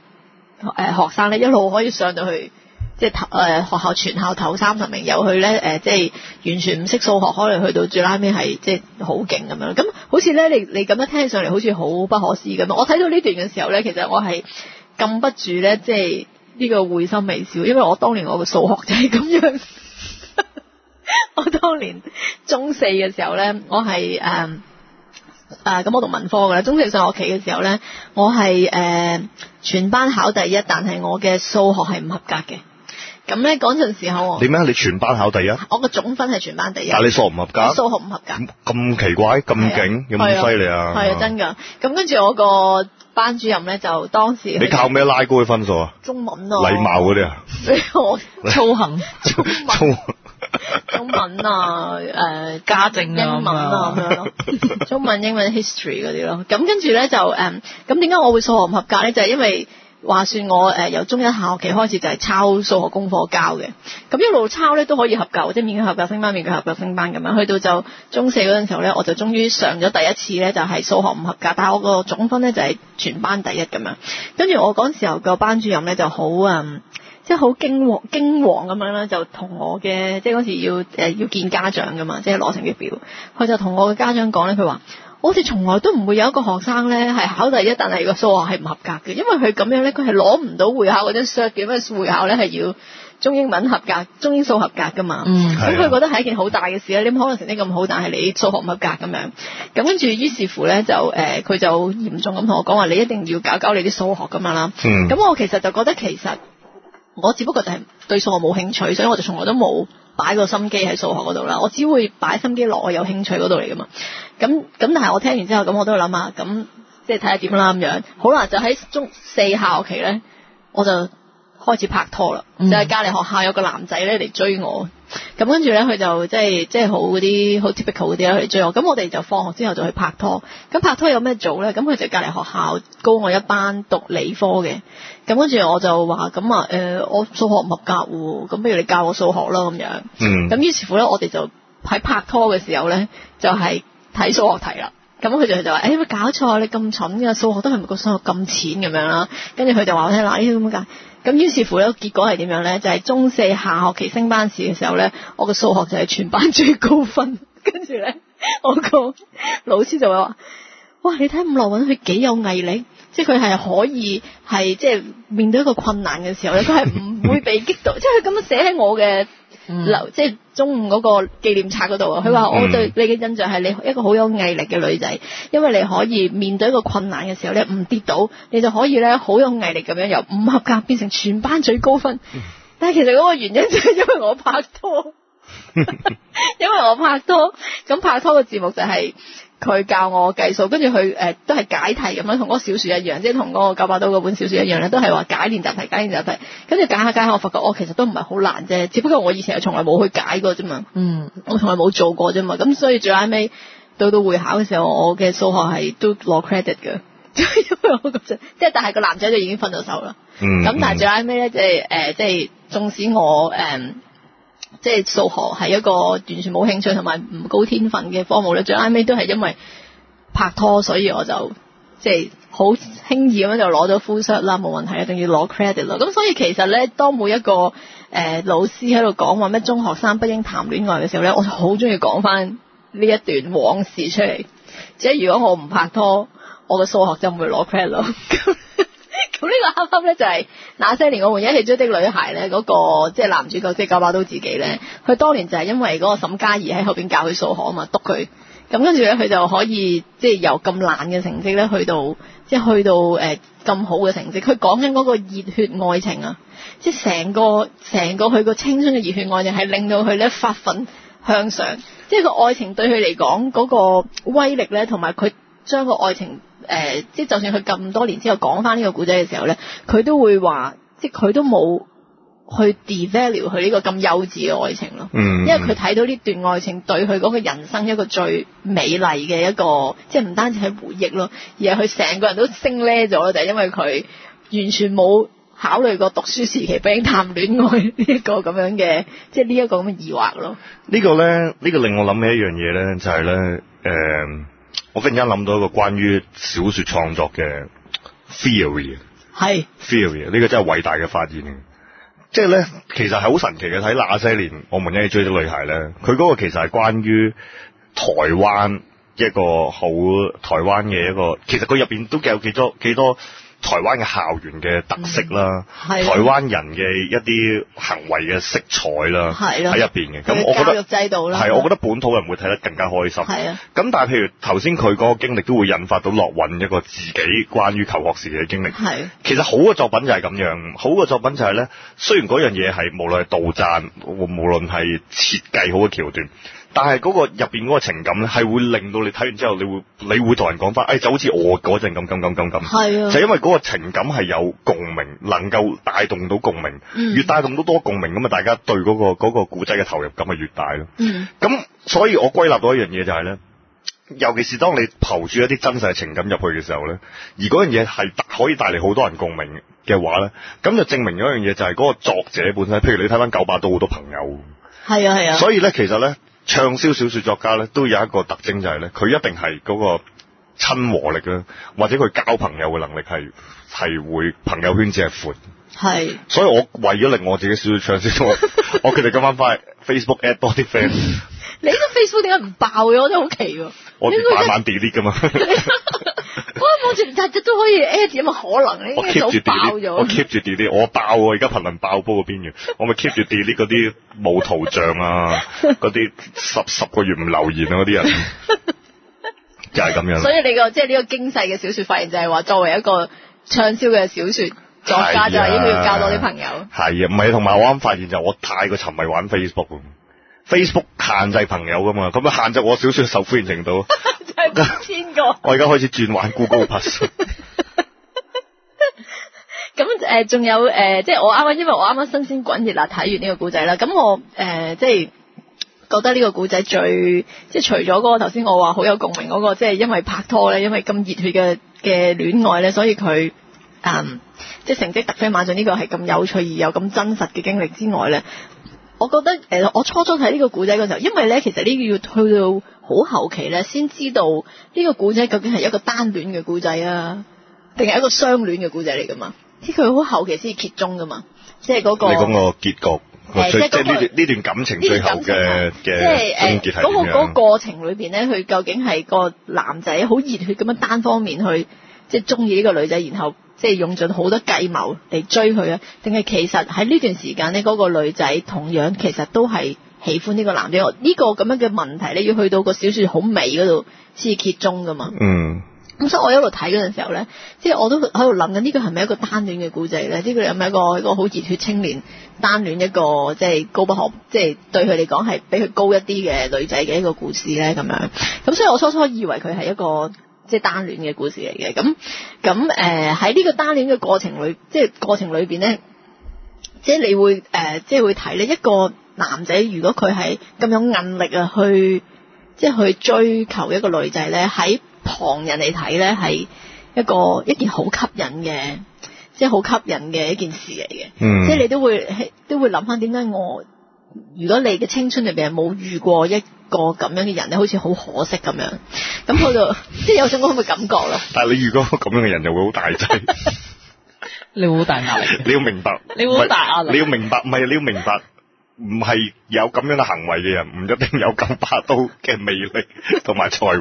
呃、學生咧，一路可以上到去，即係頭誒學校全校頭三十名，由佢咧誒，即係完全唔識數學，可能去到最拉尾係即係好勁咁樣。咁好似咧，你你咁樣聽起上嚟，好似好不可思議咁。我睇到呢段嘅時候咧，其實我係禁不住咧，即係。呢個會心微笑，因為我當年我嘅數學就係咁樣。 我當年中四嘅時候呢，我係誒誒咁我讀文科噶啦。中四上學期嘅時候呢，我係誒、呃、全班考第一，但係我嘅數學係唔合格嘅。咁呢，嗰陣時候我，點解你，你全班考第一？我個總分係全班第一。但係你數學唔合格？你數學唔合格？咁奇怪，咁勁，有冇咁犀利啊！係啊，啊 真噶。咁跟住我個班主任咧就，當時你靠咩拉高嘅分數啊？中文咯，禮貌嗰啲啊，我操行、中文、中文啊、誒、啊呃、家政、啊、英文啊，咁樣咯， 中文、英文、History 嗰啲咯。咁跟住咧就誒，咁點解我會數學唔合格咧？就係、是、因為。話說我誒，由中一下學期開始就係抄數學功課交嘅，咁一路抄咧都可以合格，即係勉強合格升班，勉強合格升班咁樣。去到就中四嗰陣時候咧，我就終於上咗第一次咧，就係數學唔合格，但係我個總分咧就係全班第一咁樣。跟住我嗰陣時候個班主任咧就好啊，即係好驚惶驚惶咁樣啦，就同、是、我嘅，即係嗰時要誒要見家長噶嘛，即係攞成績表，佢就同我家長講咧，佢話。好似從來都唔會有一個學生呢係考第一，但係個數學係唔合格嘅。因為佢咁樣呢，佢係攞唔到會考嗰張 cert 嘅，因為會考呢係要中英文合格、中英數合格噶嘛。咁佢、嗯、覺得係一件好大嘅事呀，你可能成績咁好，但係你數學唔合格咁樣。咁跟住，於是乎呢，呃、就誒，佢就嚴重咁同我講話，你一定要搞搞你啲數學噶嘛啦。咁、嗯、我其實就覺得，其實我只不過就係對數學冇興趣，所以我就從來都冇。擺個心機喺數學嗰度啦，我只會擺心機落我有興趣嗰度嚟噶嘛，咁咁但係我聽完之後咁我都會諗下，咁即係睇下點啦咁樣，好啦就喺中四下學期咧，我就。開始拍拖啦，嗯、就係隔籬學校有個男仔咧嚟追我，咁跟住咧佢就即係即係好啲好 typical 啲咧嚟追我，咁我哋就放學之後就去拍拖，咁拍拖有咩做咧？咁佢就隔籬學校高我一班讀理科嘅，咁跟住我就話咁啊，誒我數學唔合格喎，咁不如你教我數學啦咁樣，咁於、嗯、是乎咧我哋就喺拍拖嘅時候咧就係睇數學題啦，咁佢就就話誒有冇搞錯啊，你咁蠢嘅數學都係咪個數學咁淺咁樣啦？跟住佢就話我聽啦，呢啲點解？咁於是乎咧，結果係點樣咧？就係、是、中四下學期升班試嘅時候咧，我嘅數學就係全班最高分。跟住咧，我個老師就會話：哇！你睇伍諾韻佢幾有毅力，即係佢係可以係即係面對一個困難嘅時候，佢係唔會被激到， 即係佢咁樣寫喺我嘅。留、嗯、即係中午嗰個紀念冊嗰度啊，佢話、嗯、我對你嘅印象係你一個好有毅力嘅女仔，因為你可以面對一個困難嘅時候咧唔跌倒，你就可以咧好有毅力咁樣由唔合格變成全班最高分。嗯、但係其實嗰個原因就係因為我拍拖， 因為我拍拖，咁拍拖嘅節目就係、是。佢教我計數、呃，跟住佢誒都係解題咁樣，同嗰個小說一樣，即係同嗰個九把刀嗰本小說一樣咧，都係話解練習題，解練習題，跟住解下解下，我發覺我、哦、其實都唔係好難啫，只不過我以前係從來冇去解，解過啫嘛。嗯，我從來冇做過啫嘛，咁所以最後尾到到會考嘅時候，我嘅數學係都攞 credit 嘅，即 係但係個男仔就已經分咗手啦、嗯。嗯，咁但係最後尾咧即係誒、呃、即係縱使我誒。呃即係數學係一個完全冇興趣同埋唔高天分嘅科目咧，最啱尾都係因為拍拖，所以我就即係好輕易咁樣就攞咗 full shot 啦，冇問題一定要攞 credit 咯。咁所以其實咧，當每一個誒、呃、老師喺度講話咩中學生不應談戀愛嘅時候咧，我就好中意講翻呢一段往事出嚟。即係如果我唔拍拖，我嘅數學就唔會攞 credit 咯。 咁呢個啱啱咧就係、是《那些年我們一起追的女孩呢》咧、那、嗰個即係男主角即係九把刀自己咧，佢當年就係因為嗰個沈佳宜喺後邊教佢數學啊嘛，督佢，咁跟住咧佢就可以即係由咁爛嘅成績咧去到即係去到誒咁、呃、好嘅成績。佢講緊嗰個熱血愛情啊，即係成個成個佢個青春嘅熱血愛情係令到佢咧發奮向上，即係個愛情對佢嚟講嗰個威力咧，同埋佢將個愛情。誒、呃，即係就算佢咁多年之後講翻呢個古仔嘅時候呢，佢都會話，即係佢都冇去 devalue 佢呢個咁幼稚嘅愛情咯。嗯，因為佢睇到呢段愛情對佢嗰個人生一個最美麗嘅一個，即係唔單止係回憶咯，而係佢成個人都升叻咗，就係、是、因為佢完全冇考慮過讀書時期不應談戀愛呢一個咁樣嘅，即係呢一個咁嘅疑惑咯。呢個呢，呢、這個令我諗起一樣嘢呢，就係、是、呢。誒、嗯。我忽然間諗到一個關於小說創作嘅 theory，係是 theory，呢個真係偉大嘅發現。即係咧，其實係好神奇嘅。睇那些年，我們一起追的女孩咧，佢嗰個其實係關於台灣一個好台灣嘅一個，其實佢入邊都夾有幾多幾多。台灣嘅校園嘅特色啦，嗯、台灣人嘅一啲行為嘅色彩啦，喺入邊嘅，咁我覺得制度啦，係我覺得本土人會睇得更加開心。咁的但係譬如頭先佢嗰個經歷都會引發到諾韻一個自己關於求學時嘅經歷。係的，其實好嘅作品就係咁樣，好嘅作品就係、是、呢。雖然嗰樣嘢係無論係導讚，無論係設計好嘅橋段。但係嗰個入邊嗰個情感咧，係會令到你睇完之後你，你會你會同人講翻，誒、欸、就好似我嗰陣咁咁咁咁咁。係對啊，就因為嗰個情感係有共鳴，能夠帶動到共鳴。越帶動到多共鳴，咁啊大家對嗰、那個、那個古仔嘅投入感係越大咯。嗯。咁 所以我歸納到一樣嘢就係、是、咧，尤其是當你投注一啲真實嘅情感入去嘅時候咧，而嗰樣嘢係可以帶嚟好多人共鳴嘅話咧，咁就證明一樣嘢就係嗰個作者本身。譬如你睇翻九把刀好多朋友。係啊係啊。所以咧，其實咧。的暢銷小說作家咧，都有一個特徵就係咧，佢一定係嗰個親和力啦，或者佢交朋友嘅能力係係會朋友圈子係闊，係是，所以我為咗令我自己唱小說暢銷，我我決定今晚翻去 Facebook add 多啲 friend。你個 Facebook 點解唔爆嘅？真啊、我覺得好奇喎！我哋晚晚 delete 噶嘛，我望全日日都可以 add，有冇可能咧？應該就爆咗。我 keep 住 delete，我爆喎！而家瀕臨爆煲嘅邊緣，我咪 keep 住 delete 嗰啲冇圖像啊，嗰啲 十十個月唔留言啊嗰啲人，就係、是、咁樣。所以你、這個即係呢個驚世嘅小說發現就係話，作為一個暢銷嘅小說作家，就係應該要交多啲朋友。係啊，唔係同埋我啱發現就係我太過沉迷玩 Facebook。Facebook 限制朋友噶嘛？咁樣限制我少少受歡迎程度，千個。我而家開始轉玩 Google Plus。咁誒，仲有誒，即係我啱啱因為我啱啱新鮮滾熱辣睇完呢個故仔啦。咁我誒，即、呃、係、就是、覺得呢個故仔最即係、就是、除咗嗰個頭先我話好有共鳴嗰、那個，即、就、係、是、因為拍拖咧，因為咁熱血嘅嘅戀愛咧，所以佢嗯即係、就是、成績突飛猛進呢個係咁有趣而有咁真實嘅經歷之外咧。我覺得誒、欸，我初初睇呢個古仔嘅時候，因為咧，其實呢、這、要、個、去到好後期咧，先知道呢個古仔究竟係一個單戀嘅古仔啊，定係一個相戀嘅古仔嚟噶嘛？即係佢好後期先至揭盅噶嘛，即係嗰個。你講個結局，欸就是那個、即係呢段呢段感情最後嘅嘅的即係誒，嗰、欸、個個過程裏邊咧，佢究竟係個男仔好熱血咁樣單方面去即係中意呢個女仔，然後。即係用盡好多計謀嚟追佢啊！定係其實喺呢段時間呢，嗰、那個女仔同樣其實都係喜歡呢個男仔。呢個咁樣嘅問題咧，你要去到個小說好尾嗰度先至揭盅㗎嘛。嗯。咁、嗯、所以，我一路睇嗰陣時候呢，即係我都喺度諗緊，呢個係咪一個單戀嘅故仔呢？呢個係咪一個一個好熱血青年單戀一個即係、就是、高不可，即、就、係、是、對佢嚟講係比佢高一啲嘅女仔嘅一個故事呢？咁樣咁，所以我初初以為佢係一個。即係單戀嘅故事嚟嘅，咁咁誒喺呢個單戀嘅過程裏，即係過程裏邊咧，即係你會誒，即係會睇咧一個男仔，如果佢係咁有韌力啊，去即係去追求一個女仔咧，喺旁人嚟睇咧係一個一件好吸引嘅，即係好吸引嘅一件事嚟嘅。嗯，即係你都會都會諗翻點解我。如果你嘅青春入邊係冇遇過一個咁樣嘅人咧，好似好可惜咁樣，咁我就即係有種咁嘅感覺喇。但係你遇過咁樣嘅人，就會好大劑，是 你會好大壓力。你要明白，你會好大壓力。你要明白，唔係你要明白。唔係有咁樣嘅行為嘅人，唔一定有九把刀嘅魅力同埋才華。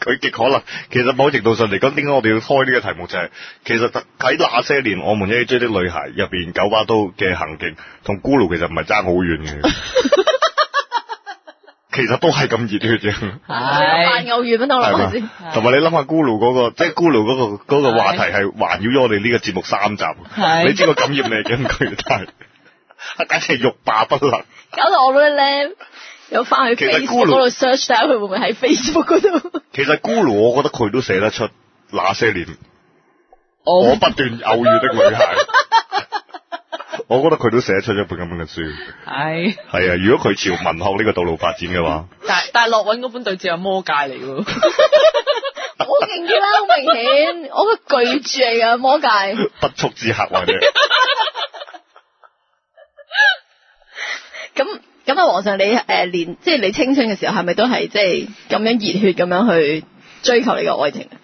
佢極可能，其實某程度上嚟講，點解我哋要開呢個題目就係、是，其實喺那些年我們一起追的女孩入邊，九把刀嘅行徑同咕嚕其實唔係爭好遠嘅， 其實都係咁熱血嘅。係， 萬有緣，唔通攞嚟先。同埋你諗下咕嚕嗰個，即係咕嚕嗰個嗰、那個話題係環繞咗我哋呢個節目三集。是你知個感染力嘅具體？ 簡直欲罷不能。搞到我咧，有翻去 Facebook 嗰度 search 睇下佢會唔會喺 Facebook 嗰度。其實咕嚕，我覺得佢都寫得出《那些年我不斷偶遇的女孩》。我覺得佢都寫出一本咁樣嘅書。係。係啊，如果佢朝文學呢個道路發展嘅話，但但係諾韻嗰本對仗魔界嚟噶，好明顯啦，好明顯，我個巨著嚟噶魔界。不速之客或者。咁咁啊，皇上你誒，年、呃、即係你青春嘅時候，係咪都係即係咁樣熱血咁樣去追求你嘅愛情啊？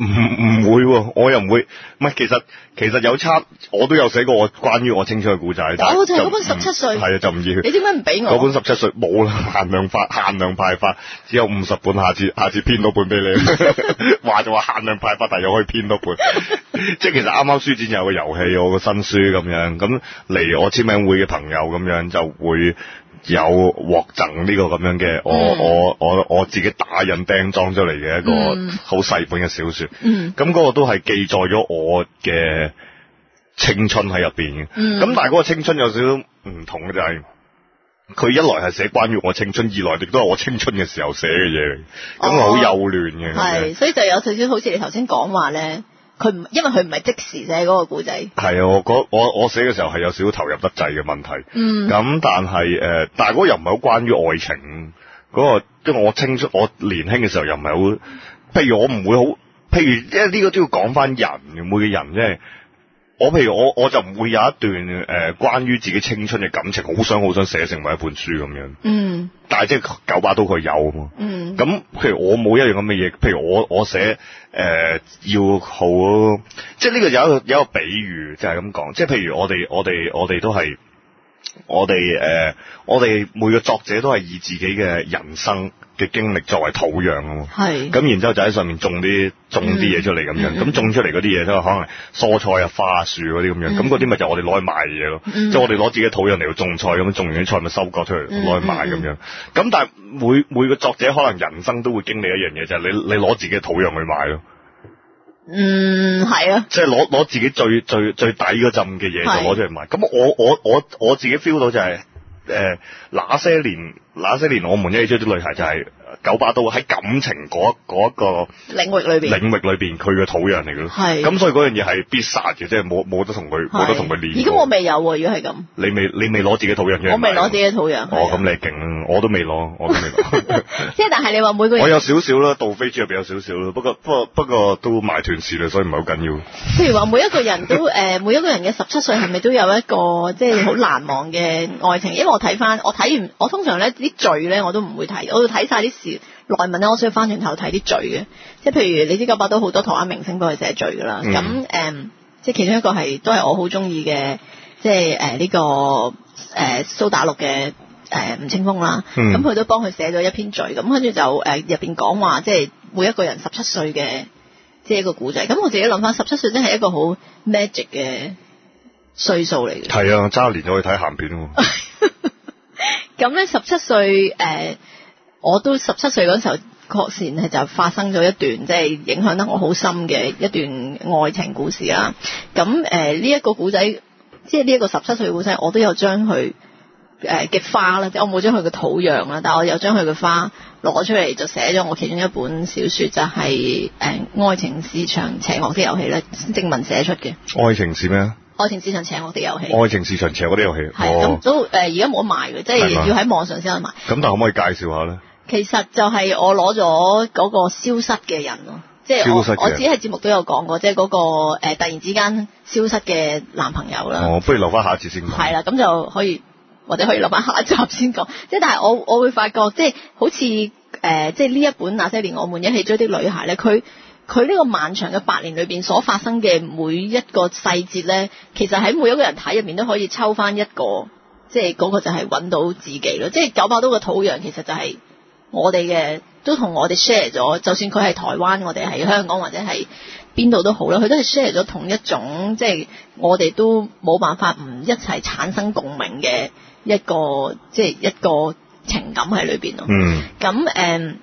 唔唔會，我又唔會，唔係其實其實有冊，我都有寫過我關於我青春嘅故仔，但就就嗰本十七歲，係啊就唔要，你點解唔俾我？嗰本十七歲冇啦，限量發限量派發，只有五十本，下次下次編多本俾你，話 就話限量派發，但又可以編多本， 即係其實啱啱書展有個遊戲，我個新書咁樣，咁嚟我簽名會嘅朋友咁樣就會。有獲贈呢個咁樣嘅，我我我我自己打印釘裝出嚟嘅一個好細本嘅小說。咁嗰、嗯、個都係記載咗我嘅青春喺入邊嘅。咁、嗯、但係嗰個青春有少少唔同嘅就係，佢一來係寫關於我青春，二來亦都係我青春嘅時候寫嘅嘢，咁係好幼嫩嘅。係、哦，所以就有少少好似你頭先講話咧。佢唔，因為佢唔係即時寫嗰個古仔。係啊，我我我寫嘅時候係有少少投入得滯嘅問題。嗯。咁但係誒，但係嗰又唔係好關於愛情嗰個，即係我青春，我年輕嘅時候又唔係好。譬如我唔會好，譬如即係呢個都要講翻人，每個人即啫。我譬如我我就唔會有一段誒、呃、關於自己青春嘅感情，好想好想寫成為一本書咁樣。嗯。但係即係九把刀佢有啊嘛。嗯。咁譬如我冇一樣咁嘅嘢，譬如我我寫誒、呃、要好，即係呢個有一個有一個比喻就係咁講，即係譬如我哋我哋我哋都係我哋誒、呃、我哋每個作者都係以自己嘅人生。嘅經歷作為土壤啊，咁是然之後就喺上面種啲種啲嘢出嚟咁樣，咁、嗯、種出嚟嗰啲嘢都可能蔬菜啊、花樹嗰啲咁樣，咁嗰啲咪就我哋攞去賣嘢咯，即係、嗯、我哋攞自己土壤嚟去種菜咁樣，種完啲菜咪收割出嚟攞、嗯、去賣咁、嗯嗯、樣。咁但係每每個作者可能人生都會經歷一樣嘢就係、是、你你攞自己嘅土壤去賣咯，嗯，係啊，即係攞攞自己最最最底嗰浸嘅嘢就攞出嚟賣。咁是我我我我，我，我自己 feel 到就係、是。誒，那、呃、些年，那些年我們一起追的女孩就係、是。九把刀喺感情嗰一個領域裏邊，領域裏邊佢嘅土壤嚟嘅咯。係，咁所以嗰樣嘢係必殺嘅，即係冇冇得同佢冇得同佢連。而家我未有喎，如果係咁，你未你未攞自己土壤嘅，我未攞自己嘅土壤。哦，咁你係勁，我都未攞，我都未攞。即係但係你話每個人，我有少少啦，杜飛豬有比較少少啦，不過不過不過都埋斷事啦，所以唔係好緊要。譬如話，每一個人都誒，每一個人嘅十七歲係咪都有一個即係好難忘嘅愛情？因為我睇翻，我睇完，我通常咧啲罪咧我都唔會睇，我睇晒啲。內文咧，我需要翻轉頭睇啲罪嘅，即係譬如你知九百都好多台灣明星幫佢寫罪噶啦，咁誒、嗯，即係、um, 其中一個係都係我好中意嘅，即係誒呢個誒蘇、uh, 打綠嘅誒吳青峰啦，咁佢都幫佢寫咗一篇罪。咁跟住就誒入邊講話，即、uh, 係、就是、每一個人十七歲嘅，即係一個古仔，咁我自己諗翻十七歲真係一個好 magic 嘅歲數嚟嘅。係啊， 揸年就可以睇鹹片咯。咁咧十七歲誒。我都十七歲嗰時候，確實係就發生咗一段即係影響得我好深嘅一段愛情故事啊。咁誒呢一個古仔，即係呢一個十七歲古仔，我都有將佢誒嘅花啦，即我冇將佢嘅土壤啦，但係我有將佢嘅花攞出嚟，就寫咗我其中一本小說，就係誒愛情市場邪惡啲遊戲咧，正文寫出嘅。愛情是咩啊？愛情市場邪惡啲遊戲。愛情市場邪惡啲遊戲。係咁都誒而家冇得賣嘅，即係嗎要喺網上先得賣。咁但係可唔可以介紹下咧？其實就係我攞咗嗰個消失嘅人咯，即係我，我自己喺節目都有講過，即係嗰個誒突然之間消失嘅男朋友啦。哦，不如留翻下一次先。係啦，咁就可以或者可以留翻下，下一集先講。即係但係我我會發覺，即係好似誒即係呢一本那些年我們一起追的女孩咧，佢佢呢個漫長嘅八年裏邊所發生嘅每一個細節咧，其實喺每一個人睇入面都可以抽翻一個，即係嗰個就係揾到自己咯。即係九百多個土壤，其實就係。我哋嘅都同我哋 share 咗，就算佢係台灣，我哋係香港或者係邊度都好啦，佢都係 share 咗同一種，即係我哋都冇辦法唔一齊產生共鳴嘅一個，即係一個情感喺裏邊咯。嗯。咁誒，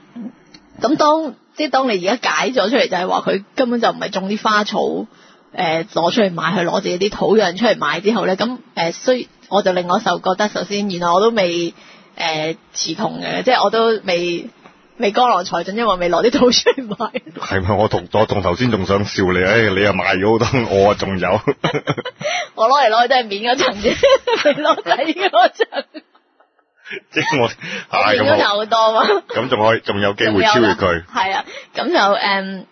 咁、呃、當即係當你而家解咗出嚟，就係話佢根本就唔係種啲花草，誒、呃、攞出嚟賣，係攞自己啲土壤出嚟賣之後咧，咁誒，雖、呃、我就令我受覺得，首先原來我都未。誒，持同嘅，即係我都未未剛落財進，因為我未攞啲套出嚟賣。係咪？我同我同頭先仲想笑你，誒，你又買咗好多，我啊仲有。我攞嚟攞去都係面嗰層啫，係裸底嗰層。即係我，係咁好啊，咁仲可以，仲有機會超越佢。係啊，咁又誒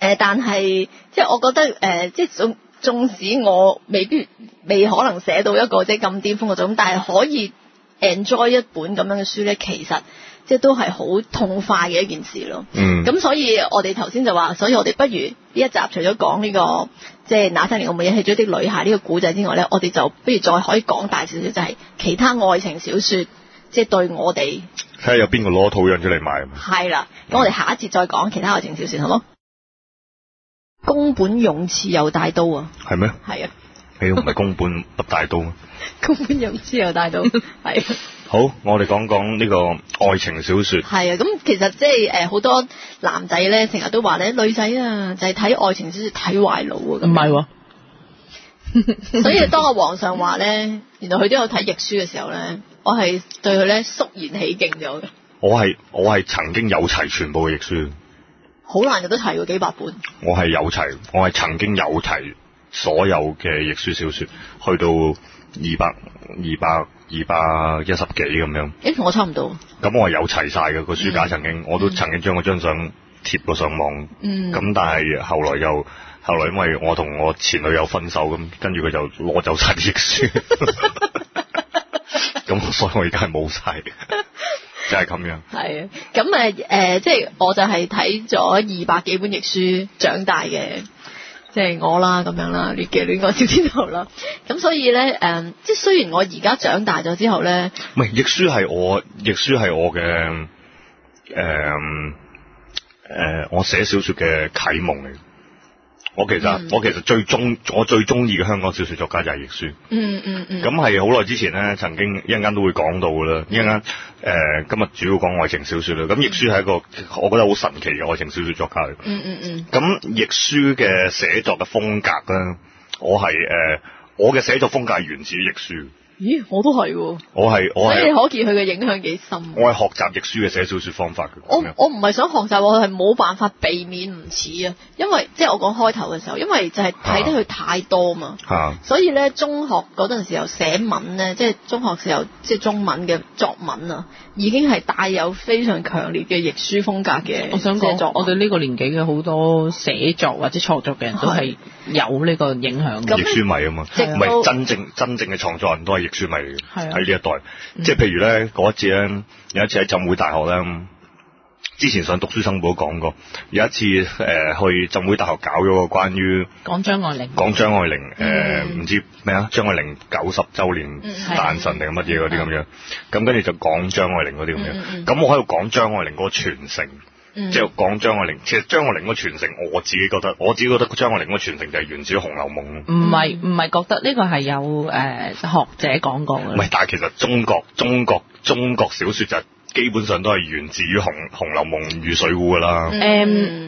誒，但係即係我覺得誒，即係縱縱使我未必未可能寫到一個即係咁巔峰嘅種，但係可以。Enjoy 一本咁樣嘅書呢，其實即係都係好痛快嘅一件事咯。嗯，咁所以我哋頭先就話，所以我哋不如呢一集除咗講呢個即係那些年我咪引起咗啲女孩呢、呢個古仔之外呢，我哋就不如再可以講大少少，就係其他愛情小說，即、就、係、是、對我哋睇下有邊個攞土樣出嚟賣啊！係啦，咁我哋下一節再講其他愛情小說，好冇？宮本勇次又帶刀啊！係咩？係啊！你都唔係公本執大刀咩？宮本又知又大刀，係 好，我哋講講呢個愛情小說。係、 就是、啊，咁其實即係誒，好多男仔咧成日都話咧，女仔啊就係、是、睇愛情小說睇壞腦啊。唔係，是 所以當阿皇上話咧，原來佢都有睇亦舒嘅時候咧，我係對佢咧肅然起敬咗嘅。我係我係曾經有齊全部嘅亦舒。好難都，有得齊喎幾百本。我係有齊，我係曾經有齊。所有嘅亦舒小說，去到二百、二百、二百一十幾咁樣。誒，同我差唔多。咁我係有齊晒嘅，個書架，曾經、嗯、我都曾經將嗰張相貼過上網。嗯。咁但係後來又後來，因為我同我前女友分手咁，跟住佢就攞走晒啲亦舒。咁 所以我而家係冇晒嘅，就係、是、咁樣。係啊，咁誒誒，即係我就係睇咗二百幾本亦舒長大嘅。即係我啦，咁樣啦，戀嘅戀愛小天后啦，咁 所以咧，誒、呃，即係雖然我而家長大咗之後咧，唔係，亦舒係我，亦舒係我嘅，誒、呃，誒、呃，我寫小說嘅啟蒙嚟。我其實我其實最中我最中意嘅香港小説作家就係亦舒。嗯嗯嗯。咁係好耐之前咧，曾經一陣間都會講到啦。一陣間誒，今日主要講愛情小説啦。咁亦舒係一個我覺得好神奇嘅愛情小説作家嚟、嗯。嗯嗯嗯。咁亦舒嘅寫作嘅風格咧，我係誒、呃、我嘅寫作風格係源自於亦舒。咦，我都係喎，我係我係，即係可見佢嘅影響幾深我我。我係學習亦舒嘅寫小説方法嘅。我我唔係想學習，我係冇辦法避免唔似啊。因為即係我講開頭嘅時候，因為就係睇得佢太多啊嘛，啊所以咧中學嗰陣時候寫文咧，即係中學時候即係中文嘅作文啊，已經係帶有非常強烈嘅亦舒風格嘅。我想講，我哋呢個年紀嘅好多寫作或者創作嘅人都係。有呢個影響嘅，亦書迷啊嘛，唔係真正真正嘅創作人都係亦舒迷嚟嘅，喺呢一代，即係譬如咧嗰一次咧，有一次喺浸會大學咧，之前上讀書生活講過，有一次誒去浸會大學搞咗個關於講張愛玲，講張愛玲誒唔知咩啊？張愛玲九十週年誕辰定乜嘢嗰啲咁樣，咁跟住就講張愛玲嗰啲咁樣，咁我喺度講張愛玲個傳承。即係講張愛玲，其實張愛玲嗰傳承，我自己覺得，我自己覺得張愛玲嗰傳承就係源自於《紅樓夢》。唔係唔係，覺得呢個係有誒、呃、學者講過嘅。唔係，但係其實中國中國中國小說就基本上都係源自於《紅、嗯、紅樓夢》與《水滸》噶啦。誒，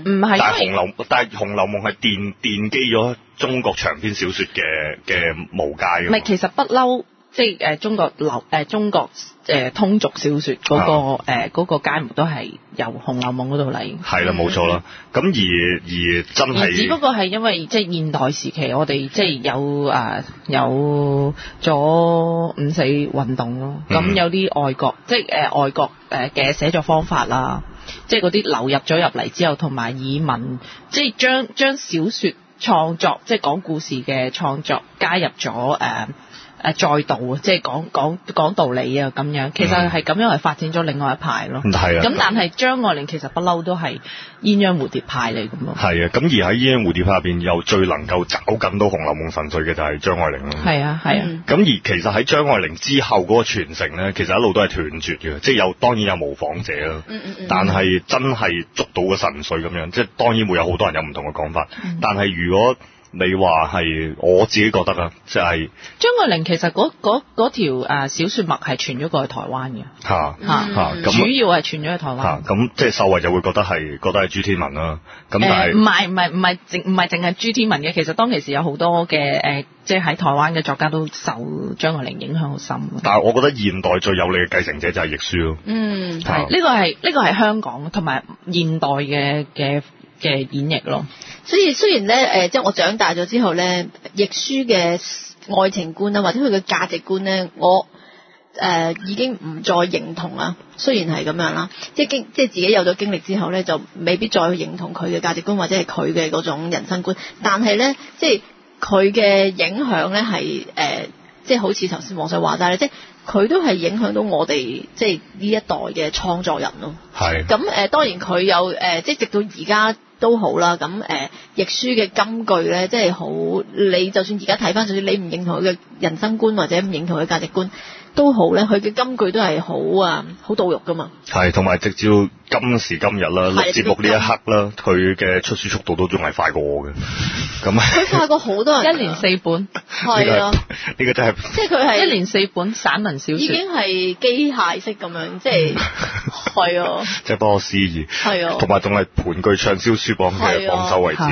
唔係。但係《紅樓夢》，但係《紅樓夢》係奠奠基咗中國長篇小說嘅嘅無界。唔係其實不嬲。即係誒、呃、中國流誒、呃、中國誒、呃、通俗小説嗰、那個誒嗰、啊呃那個楷模都係由紅《紅樓夢》嗰度嚟。係啦，冇錯啦。咁、嗯、而而，而真係，只不過係因為即係現代時期我，我哋即係有啊有咗五四運動咯。咁、嗯、有啲外國即係誒、呃、外國誒嘅寫作方法啦，即係嗰啲流入咗入嚟之後，同埋以文即係將將小説創作即係講故事嘅創作加入咗誒。呃誒，再度，啊，即係講講講道理啊，咁樣其實係咁樣係發展咗另外一派咯。咁、嗯啊、但係張愛玲其實不嬲都係鴛鴦蝴蝶派嚟㗎嘛。係啊，咁而喺鴛鴦蝴蝶派入邊又最能夠找緊到《紅樓夢》神髓嘅就係張愛玲啦。係啊，係啊。咁、嗯嗯、而其實喺張愛玲之後嗰個傳承咧，其實一路都係斷絕嘅，即係有當然有模仿者啦。嗯嗯、但係真係捉到個神髓咁樣，即係當然會有好多人有唔同嘅講法。嗯、但係如果你話係我自己覺得啊，即係張愛玲其實嗰嗰條小説脈係傳咗過去台灣嘅，嚇嚇嚇，啊啊、主要係傳咗去台灣。嚇咁、啊、即係秀慧就會覺得係覺得係朱天文啦、啊。咁但係唔係唔係唔係淨唔係淨係朱天文嘅，其實當其時有好多嘅誒，即係喺台灣嘅作家都受張愛玲影響好深。但係我覺得現代最有利嘅繼承者就係亦舒咯。嗯，係呢、啊、個係呢、呢個係、呢個、香港同埋現代嘅嘅。嘅演繹咯，所以雖然咧，誒、呃，即係我長大咗之後咧，亦舒嘅愛情觀啊，或者佢嘅價值觀咧，我誒、呃、已經唔再認同啦。雖然係咁樣啦，即係經即係自己有咗經歷之後咧，就未必再認同佢嘅價值觀或者係佢嘅嗰種人生觀。但係咧，即係佢嘅影響咧，係誒、呃，即係好似頭先黃生話齋咧，即係佢都係影響到我哋即係呢一代嘅創作人咯。係是的。咁、呃、誒，當然佢有誒、呃，即係直到而家。都好啦，咁誒，亦舒嘅金句咧，即係好，你就算而家睇翻，就算你唔認同佢嘅人生觀，或者唔認同佢價值觀。都好咧，佢嘅金句都係好啊，好到肉噶嘛。係，同埋直至今時今日啦，錄節目呢一刻啦，佢嘅出書速度都仲係快過我嘅。咁啊，佢快過好多人，一年四本係啊！呢個真係，即係佢係一年四本散文小說，已經係機械式咁樣，即係，係啊！即係不可思議，係啊！同埋仲係盤踞暢銷書榜嘅榜首位置，真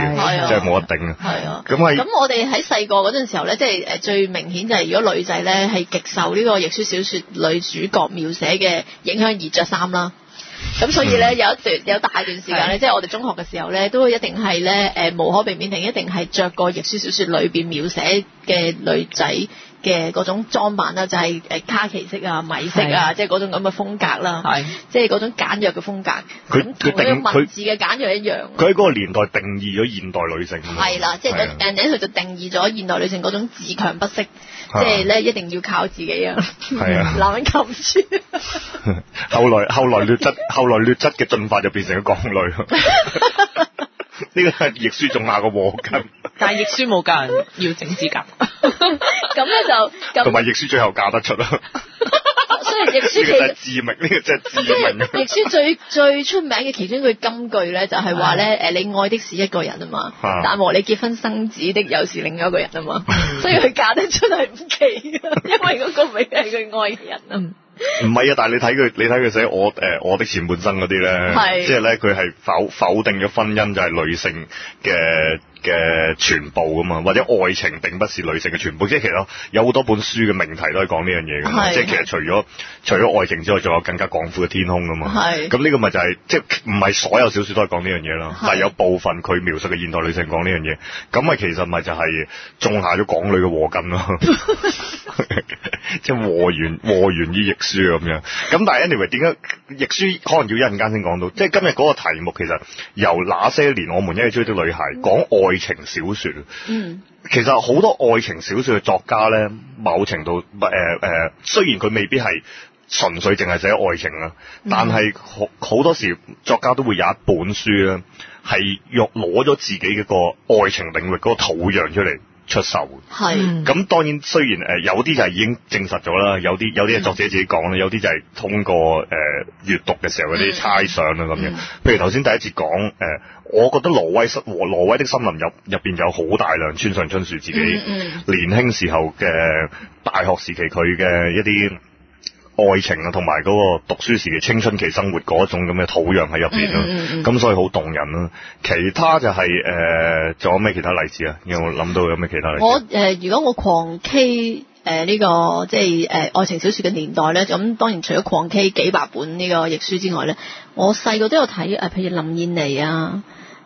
係冇得頂啊！係啊！咁係咁，我哋喺細個陣時候咧，即係誒最明顯就係如果女仔咧係極受呢個。小說小說女主角描寫嘅影響而着衫啦，咁所以咧，有一段有大段時間咧，是的 即係我哋中學嘅時候咧，都一定係咧，誒、呃、無可避免定一定係着過亦書小說裏邊描寫嘅女仔。嘅嗰種裝扮啦，就係、是、誒卡其色啊、米色啊，即係嗰種咁嘅風格啦，即係嗰種簡約嘅風格。佢同他個文字嘅簡約一樣。佢喺嗰個年代定義咗現代女性。係啦、啊，即係人哋 n d 佢就定義咗現代女性嗰種自強不息，即係咧一定要靠自己啊！ 男人靠唔住。後來後來劣質，後來劣質嘅進化就變成咗港女。 呢個係亦舒種下個禍根， 但係亦舒冇嫁人，要整指甲，咁咧就同埋亦舒最後嫁得出啦。雖然亦舒其，呢個真係致命，呢、這個真係致命 書。亦舒最最出名嘅其中一句金句咧，就係話咧，誒，你愛的是一個人啊嘛，是啊，但和你結婚生子的又是另外一個人啊嘛，是啊，所以佢嫁得出係唔奇， 因為嗰個唔係佢愛嘅人啊。唔係 啊，但係你睇佢，你睇佢寫我誒、呃，我的前半生嗰啲咧，係即係咧佢係否否定咗婚姻就係女性嘅嘅全部噶嘛，或者愛情並不是女性嘅全部，即係其實有好多本書嘅名題都係講呢樣嘢噶嘛，是即係其實除咗除咗愛情之外，仲有更加廣闊嘅天空噶嘛，咁呢是個咪就係、是、即係唔係所有小説都係講呢樣嘢咯，是但係有部分佢描述嘅現代女性講呢樣嘢，咁咪其實咪就係種下咗港女嘅禍根咯， 即係禍源禍源於亦舒咁樣，咁但係 anyway 點解亦舒可能要一陣間先講到？即係今日嗰個題目其實由那些年我們一起追的女孩講愛。愛情小說，嗯，其實好多愛情小說嘅作家咧，某程度誒誒、呃呃，雖然佢未必係純粹淨係寫愛情啊，但係好好多時作家都會有一本書咧，係若攞咗自己嘅個愛情領域個土壤出嚟。出售嘅，咁是當然，雖然誒、呃、有啲就係已經證實咗啦，有啲有啲係作者自己講啦，嗯、有啲就係通過誒、呃、閱讀嘅時候嗰啲猜想啊咁、嗯、樣。譬如頭先第一節講誒、呃，我覺得挪威森和挪威的森林入入邊有好大量村上春樹自己年輕時候嘅大學時期佢嘅一啲。愛情啊，同埋嗰個讀書時嘅青春期生活嗰一種咁嘅土壤喺入邊咯，咁、嗯嗯、所以好動人咯。其他就係、是、誒、仲，呃、有咩其他例子啊？有冇諗到有咩其他例子？我誒、呃，如果我狂 K 誒呢個即係誒、呃、愛情小說嘅年代咧，咁當然除咗狂 K 幾百本呢個譯書之外咧，我細個都有睇誒，譬如林燕妮啊。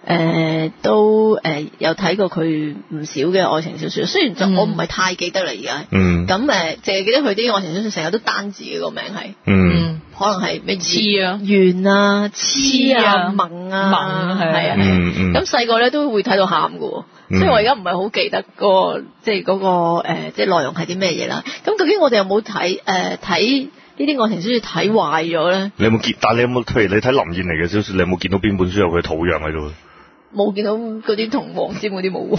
誒，都誒有睇過佢唔少嘅愛情小說，雖然就我唔係太記得啦，而家，咁誒，淨係記得佢啲愛情小說成日都單字個名係，嗯，可能係咩痴啊、怨啊、痴啊、萌啊，係啊，咁細個咧都會睇到喊噶，所以我而家唔係好記得嗰即係個誒即係內容係啲咩嘢啦。咁究竟我哋有冇睇誒睇呢啲愛情小說睇壞咗咧？你有冇見？但係你有冇譬如你睇林燕妮嘅小說，你有冇見到邊本書有佢土壤喺度？冇見到，嗰啲同黃霑嗰啲冇、，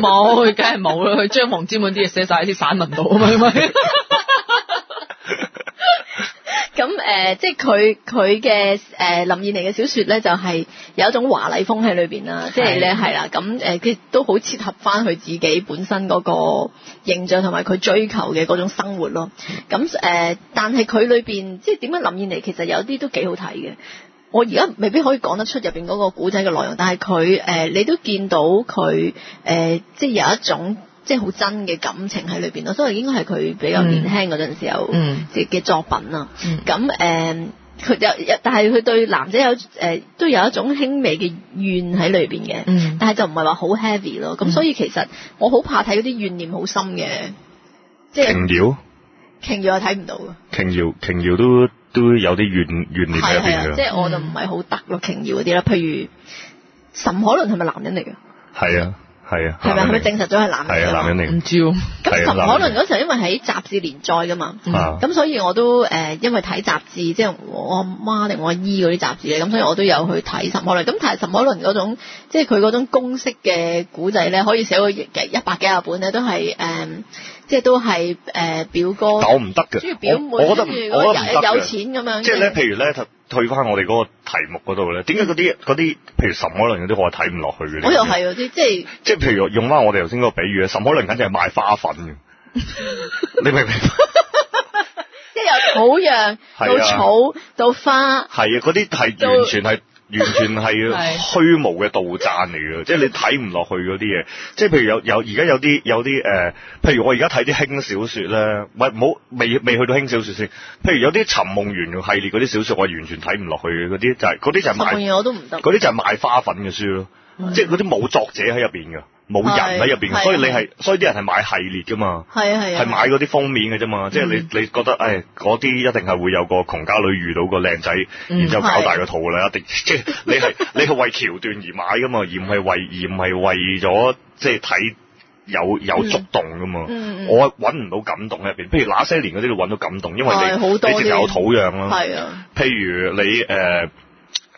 冇 佢梗係冇啦。佢將黃霑嗰啲嘢寫晒喺啲散文度啊嘛，咁誒、呃，即係佢佢嘅誒林燕妮嘅小説咧，就係、是、有一種華麗風喺裏邊啦，即係咧係啦，咁誒佢都好切合翻佢自己本身嗰個形象同埋佢追求嘅嗰種生活咯。咁誒、呃，但係佢裏邊即係點樣？林燕妮其實有啲都幾好睇嘅。我而家未必可以講得出入邊嗰個古仔嘅內容，但係佢誒你都見到佢誒、呃，即係有一種即係好真嘅感情喺裏邊咯。所以應該係佢比較年輕嗰陣時候嘅嘅作品啦。咁誒、嗯，佢、嗯、有、呃、但係佢對男仔有誒、呃，都有一種輕微嘅怨喺裏邊嘅。嗯、但係就唔係話好 heavy 咯、嗯。咁所以其實我好怕睇嗰啲怨念好深嘅，即係。瓊瑤我睇唔到嘅，瓊瑤瓊瑤都都有啲怨怨念喺入邊嘅，啊啊嗯、即係我就唔係好得咯瓊瑤啲啦，譬如沈可倫係咪男人嚟嘅？係啊。係啊，係咪係咪證實咗係男人嚟嘅？唔知喎。咁岑凱倫嗰時候，因為喺雜誌連載嘅嘛，咁、啊、所以我都誒，因為睇雜誌，即、就、係、是、我阿媽定我阿姨嗰啲雜誌咧，咁所以我都有去睇岑凱倫。咁但係岑凱倫嗰種，即係佢嗰種公式嘅古仔咧，可以寫到一百幾廿本咧，都係誒、嗯，即係都係誒表哥，搞唔得嘅。中意表妹跟住嗰啲有錢咁樣。即係咧，譬如咧。去翻我哋嗰個題目嗰度咧，點解嗰啲嗰啲，譬如岑凱倫嗰啲，我係睇唔落去嘅。我又係嗰啲，即係即係，譬如用翻我哋頭先嗰個比喻啊，岑凱倫簡直係賣花粉嘅， 你明唔明？即由土壤到草到花，係啊，嗰啲係完全係。 完全係虛無嘅道讚嚟嘅，即係你睇唔落去嗰啲嘢。即係譬如有有而家有啲有啲誒、呃，譬如我而家睇啲輕小說咧，喂，唔好未未去到輕小說先。譬如有啲《尋夢園》系列嗰啲小説，我完全睇唔落去嘅嗰啲，就係嗰啲就係賣嘢我都唔得。嗰啲就係賣花粉嘅書咯。即係嗰啲冇作者喺入邊嘅，冇人喺入邊，所以你係，所以啲人係買系列噶嘛，係啊係啊，係買嗰啲封面嘅啫嘛，即係你你覺得，誒嗰啲一定係會有個窮家女遇到個靚仔，然之後搞大個肚啦，一定即係你係你係為橋段而買噶嘛，而唔係為而唔係為咗即係睇有有觸動噶嘛，我搵唔到感動喺入邊，譬如那些年嗰啲你搵到感動，因為你你直頭有土壤咯，係啊，譬如你誒。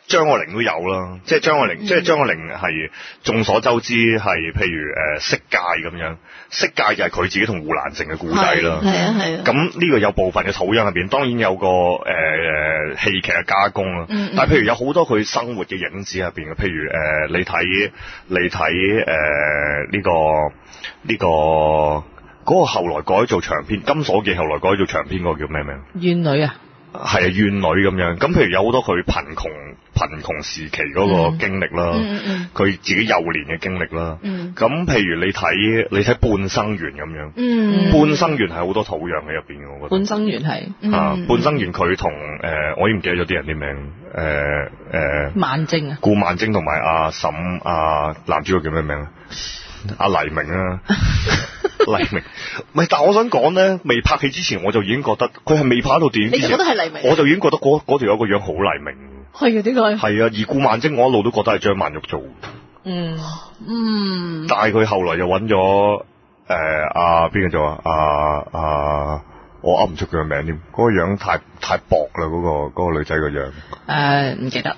張愛玲都有啦，即係張愛玲，嗯、即係張愛玲係眾所周知係，譬如誒、呃《色戒》咁樣，《色戒》就係佢自己同胡蘭成嘅故仔啦。係啊係啊。咁呢、啊、個有部分嘅土壤入邊，當然有個誒誒戲劇嘅加工啦。嗯嗯。但係譬如有好多佢生活嘅影子入邊嘅，譬如誒、呃、你睇你睇誒呢個呢、這個嗰、那個後來改做長篇《金鎖記》，後來改做長篇嗰個叫咩名？怨女啊！係啊怨女咁樣，咁譬如有好多佢貧窮貧窮時期嗰個經歷啦，佢、嗯嗯嗯、自己幼年嘅經歷啦，咁、嗯、譬如你睇你睇半生緣咁樣，嗯、半生緣係好多土壤喺入邊嘅，我覺得。半生緣係啊，半生緣佢同誒，我已經唔記得咗啲人啲名，誒誒，曼楨啊，顧曼楨同埋阿沈啊，男主角叫咩名啊？阿黎明啊。 黎明，唔係，但係我想講咧，未拍戲之前我就已經覺得佢係未拍到電影，你覺得係黎明？我就已經覺得嗰、嗰、嗰、個、條友個樣好黎明。係啊，點解？係啊，而顧曼楨我一路都覺得係張曼玉做嗯。嗯嗯。但係佢後來又揾咗誒阿邊個做啊？啊啊，我噏唔出佢個名添，嗰、嗰個樣太太薄啦，嗰、嗰個嗰個女仔個樣。誒、啊，唔記得。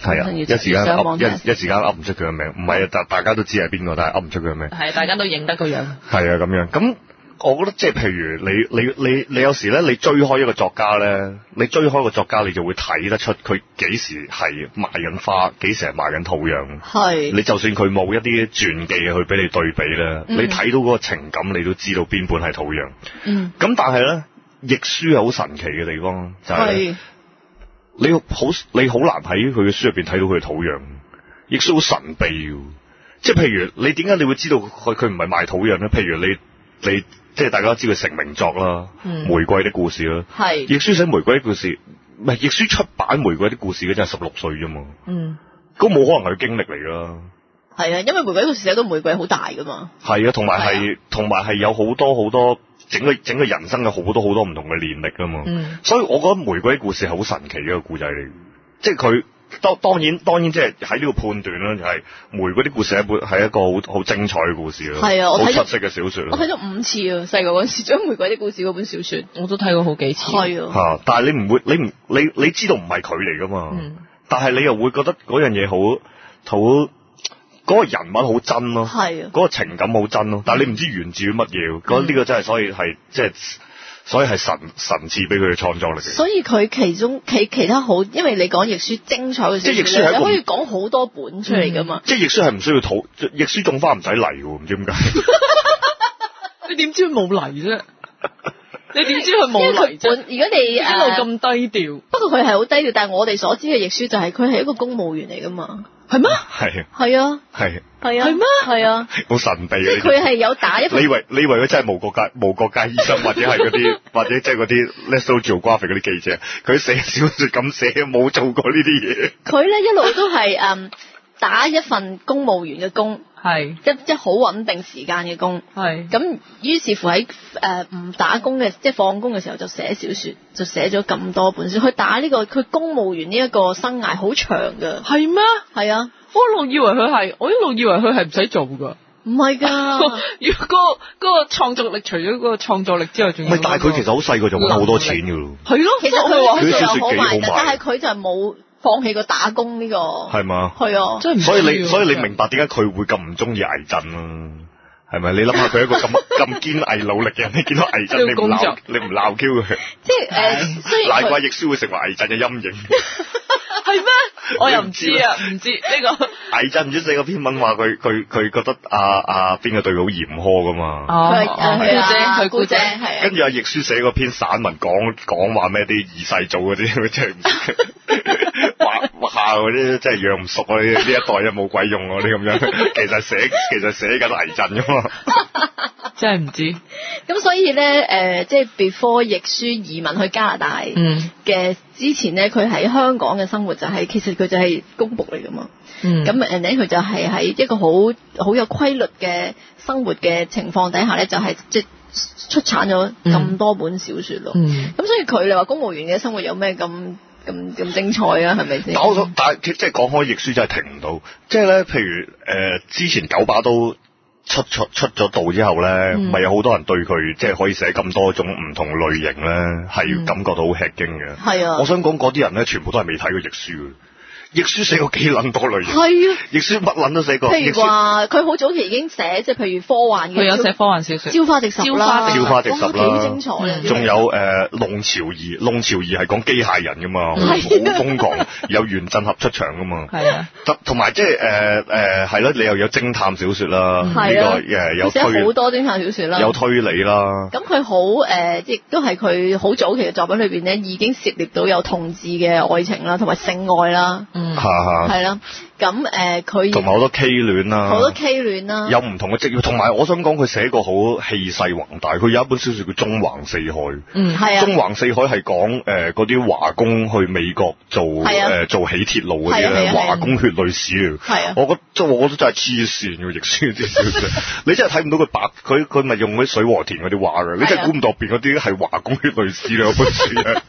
係啊，一時間一一時間噏唔出佢嘅名，唔係啊，大大家都知係邊個，但係噏唔出佢嘅名。係，大家都認得個樣，樣。係啊，咁樣咁，我覺得即係譬如你你你你有時咧，你追開一個作家咧，你追開個作家，你就會睇得出佢幾時係賣緊花，幾時係賣緊土壤。係是。你就算佢冇一啲傳記去俾你對比咧，嗯、你睇到嗰個情感，你都知道邊本係土壤。嗯。咁但係咧，譯書係好神奇嘅地方就係、是。你好，你好難喺佢嘅書入邊睇到佢嘅土壤，亦舒好神秘，即係譬如你點解你會知道佢佢唔係賣土壤咧？譬如你你即係大家知佢成名作啦，嗯，《玫瑰的故事》啦，亦舒寫《玫瑰故事》，唔係亦舒出版《玫瑰》啲故事嘅，真係十六歲啫嘛，嗯，都冇可能係佢經歷嚟噶，係啊，因為《玫瑰故事》寫到玫瑰好大噶嘛，係啊，同埋係同埋係有好多好多。整個整個人生有好多好多唔同嘅年歷噶嘛，嗯、所以我覺得玫瑰故事係好神奇嘅一個故仔嚟，即係佢當當然當然即係喺呢個判斷啦，就係、是、玫瑰啲故事一本係一個好好精彩嘅故事咯，係啊，好出色嘅小說咯。我睇咗五次啊，細個嗰時將玫瑰啲故事嗰本小說，我都睇過好幾次，係是啊。吓，但係你唔會，你唔你你知道唔係佢嚟噶嘛，嗯、但係你又會覺得嗰樣嘢好好。嗰個人物好真咯、啊，嗰是、啊、個情感好真咯、啊，但係你唔知源自於乜嘢，呢、嗯、個真係所以係即係，所以係神神賜俾佢嘅創造力。所以佢其中佢其，其他好，因為你講亦舒精彩嘅，即係亦舒可以講好多本出嚟㗎嘛。嗯、即係亦舒係唔需要土，亦舒種花唔使泥喎，唔知點解？你點知冇泥啫？你點知佢冇泥？啫？因為佢本，如果你一路咁低調、啊，不過佢係好低調。但係我哋所知嘅亦舒就係佢係一個公務員嚟㗎嘛。係咩？係啊！係啊！係啊！係咩？係啊！好神秘啊！佢係有打一份，你以為你以為佢真係無國界無國界醫生，或者係嗰啲，或者即係嗰啲 Leso 做瓜肥嗰啲記者，佢寫小說咁寫，冇做過呢啲嘢。佢咧一路都係嗯打一份公務員嘅工。係，即係好穩定時間嘅工。係，咁於是乎喺誒唔打工嘅，即係放工嘅時候就寫小說，就寫咗咁多本書。佢打呢、這個佢公務員呢一個生涯好長噶。係咩嗎？係啊，我，我一路以為佢係，我一路以為佢係唔使做噶。唔係噶，如果嗰、那個創、那個、作力，除咗個創作力之外，仲唔係？但係佢其實好細個就冇攞好多錢噶。係咯，了其實佢網上好賣，好賣，但係佢就冇。放棄個打工呢個係嘛，係啊，所以你所以你明白點解佢會咁唔中意倪震啊？係咪？你諗下佢一個咁咁堅毅努力嘅人，你見到倪震你唔鬧你唔鬧 Q 佢？即係誒，難怪亦舒會成為倪震嘅陰影。係咩？我又唔知啊，唔知呢個倪震唔知寫個篇文話佢佢佢覺得阿阿邊個對佢好嚴苛噶嘛？哦，係啊，佢姑姐係。跟住阿亦舒寫嗰篇散文，講講話咩啲二世祖嗰啲，真係。學校嗰啲真係養唔熟啊！呢 一代又冇鬼用咯，呢咁樣其實寫其實寫緊泥陣啫嘛，真係唔知。咁所以咧，誒、呃，即係 before 譯書移民去加拿大嘅之前咧，佢喺、嗯、香港嘅生活就係、是、其實佢就係公僕嚟噶嘛。咁人咧佢就係喺一個好好有規律嘅生活嘅情況底下咧，就係、是、即係出產咗咁多本小說咯。咁、嗯嗯、所以佢你話公務員嘅生活有咩咁？咁咁精彩啊，係咪先？但係，即係講開，譯書真係停唔到。即係咧，譬如誒、呃，之前九把刀出出出咗道之後咧，咪、嗯、有好多人對佢即係可以寫咁多種唔同類型咧，係感覺到好吃驚嘅。係啊，我想講嗰啲人咧，全部都係未睇過譯書。亦舒寫過幾捻多類型，係啊，亦舒乜捻都寫過。譬如話佢好早期已經寫，即係譬如科幻嘅，佢有寫科幻小說，朝花夕拾啦，花夕拾啦，幾精彩。仲有誒《浪潮兒》，《浪潮兒》係講機械人噶嘛，好瘋狂，有原振俠出場噶嘛，係啊。同埋即係誒誒係咯，你又有偵探小說啦，呢個誒有好多偵探小說啦，有推理啦。咁佢好誒，亦都係佢好早期嘅作品裏邊咧，已經涉獵到有同志嘅愛情啦，同埋性愛啦。嗯，係係。係啦，咁誒佢同埋好多 K 戀啦，好多 K 戀啦，有唔同嘅職業。同埋我想講，佢寫過好氣勢宏大。佢有一本小説叫《中橫四海》。嗯，係啊。中橫四海係講誒嗰啲華工去美國做誒做起鐵路嗰啲咧，華工血淚史啊。係啊。我覺即係我覺得真係黐線㗎，譯書啲小説，你真係睇唔到佢白，佢佢咪用啲水和田嗰啲畫㗎。你真係估唔到邊嗰啲係華工血淚史咧，嗰本書啊！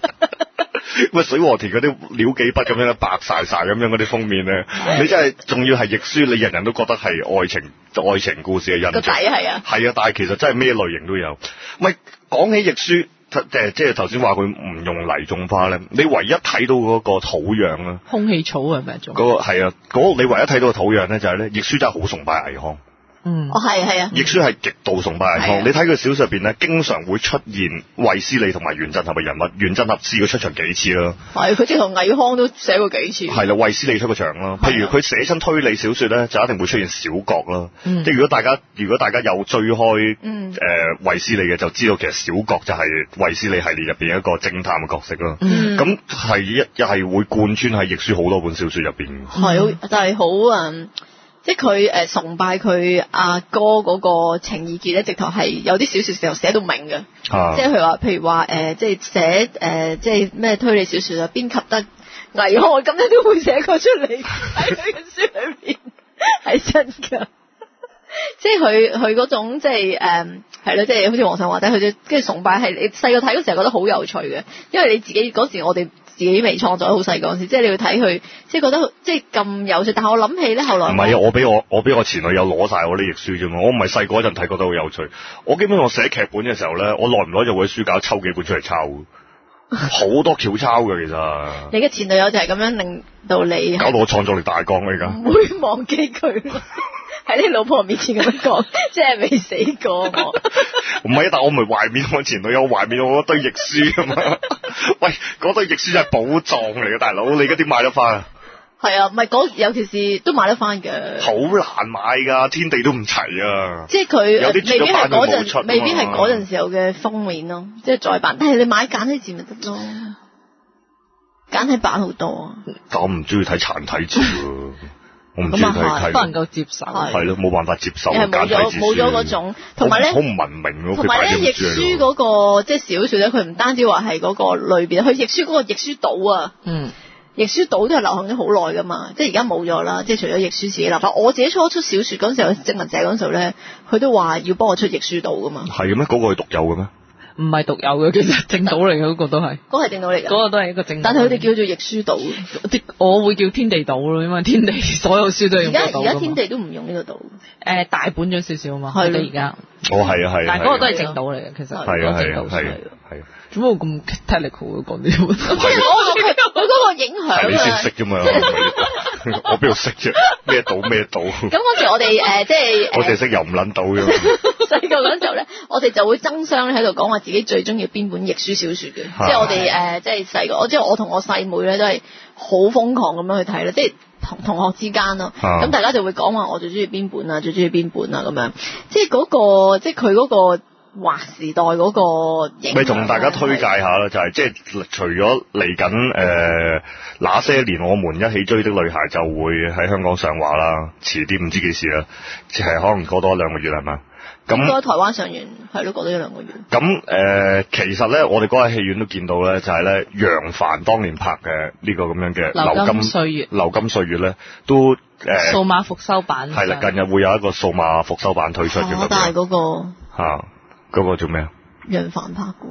喂，水禾田嗰啲潦幾筆咁樣，白晒晒咁樣嗰啲封面咧， 你真係仲要係亦舒，你人人都覺得係愛情愛情故事嘅印象。個底係啊，係啊，但係其實真係咩類型都有。咪講起亦舒，誒，即係頭先話佢唔用泥種花咧，你唯一睇到嗰個土壤氣是是，那個，啊，空氣草係咪？嗰個係啊，個你唯一睇到嘅土壤咧，就是，就係咧，亦舒真係好崇拜倪匡。嗯，哦係啊係啊，亦、啊、舒係極度崇拜倪匡，啊、你睇佢小說入邊咧，經常會出現衛斯理同埋原振俠嘅人物，原振俠試過出場幾次咯，係佢即係同倪匡都寫過幾次，係啦、嗯，衛斯理出過場咯，譬如佢寫親推理小說咧，就一定會出現小郭咯，即係、啊、如果大家如果大家有追開誒衛、呃、斯理嘅，就知道其實小郭就係衛斯理系列入邊一個偵探嘅角色咯，咁係一又係會貫穿喺亦舒好多本小說入邊，係好就係好啊。但 即係佢誒崇拜佢阿哥嗰個情意結咧，直頭係有啲小說，時候寫到明嘅。啊、即係佢話，譬如話誒、呃，即係寫誒，即係咩推理小說啊，邊及得危我咁樣都會寫過出嚟喺佢嘅書裏面，係真噶。即係佢佢嗰種即係誒，係咯，即係好似黃生話，即係佢即係崇拜，係你細個睇嗰時係覺得好有趣嘅，因為你自己嗰時我哋。自己未創作好細嗰陣時，即係你要睇佢，即係覺得即係咁有趣。但係我諗起咧，後來唔係啊！我俾我我俾我前女友攞晒我啲譯書啫嘛。我唔係細個嗰陣睇，覺得好有趣。我基本上寫劇本嘅時候咧，我耐唔耐就會書架抽幾本出嚟抄，好多橋抄嘅 其實。你嘅前女友就係咁樣令到你，搞到我創造力大降，你而家，唔會忘記佢。 喺你老婆面前咁樣講，即係未死過。唔係， 但我唔係懷念我前女友，懷念我一堆譯書啊嘛。 喂，嗰堆譯書真係寶藏嚟嘅，大佬，你而家點買得翻？係啊，唔係有尤其是都買得翻嘅。好難買噶，天地都唔齊啊！即係佢，有啲未必係嗰陣，未必係嗰陣時候嘅封面咯。即係再版，但係你買簡體字咪得咯？簡體版好多。啊。 但我唔中意睇殘體字。 咁啊，係，不能夠接受，係咯的，冇辦法接受，係冇咗冇咗嗰種，同埋咧好唔文明咯，同埋咧譯書嗰個即係小說咧，佢唔單止話係嗰個裏邊，佢譯書嗰個譯書島啊，嗯，譯書島都係流行咗好耐噶嘛，即係而家冇咗啦，即係除咗譯書自己立牌，我自己初出小說嗰陣時候，殖民者嗰陣時候咧，佢都話要幫我出譯書島噶嘛。係嘅咩？嗰個係獨有嘅咩？唔係獨有嘅，其實正島嚟嗰個都係，嗰係正島嚟嘅，個都係一個正。但係佢哋叫做易書島，我會叫天地島咯，因為天地所有書都係用個島噶嘛。而家而家天地都唔用呢個島，誒大本咗少少啊嘛，係啊而家。哦係啊係啊，但係嗰個都係正島嚟嘅，其實係啊係啊係啊。做乜會咁 technical 啊？講啲咁，我係我嗰個影響係你先識啫嘛。 我邊度識啫？咩賭咩賭？咁嗰時我哋誒，即、呃、係我哋識又唔捻到嘅。細個嗰陣時候咧，我哋就會爭相喺度講話自己最中意邊本亦舒小說嘅。即係 我哋誒，即係細個，就是、 我即係我同我細妹咧都係好瘋狂咁樣去睇咧。即係同同學之間咯，咁 大家就會講話我最中意邊本啊，最中意邊本啊咁樣。即係嗰個，即係佢嗰個。華時代嗰個影，咪同大家推介下啦，是是就係即係除咗嚟緊誒那些年，我們一起追的女孩就會喺香港上畫啦，遲啲唔知幾時啦，係可能過多兩個月係嘛？咁都喺台灣上完，係咯，過多一兩個月。咁誒、呃，其實咧，我哋嗰間戲院都見到咧，就係咧楊凡當年拍嘅呢個咁樣嘅《流金歲月》，《流金歲月》呢咧都誒、呃、數碼復修版係啦，近日會有一個數碼復修版推出嘅、啊、但係嗰、那個、啊嗰個叫咩啊？楊凡拍過。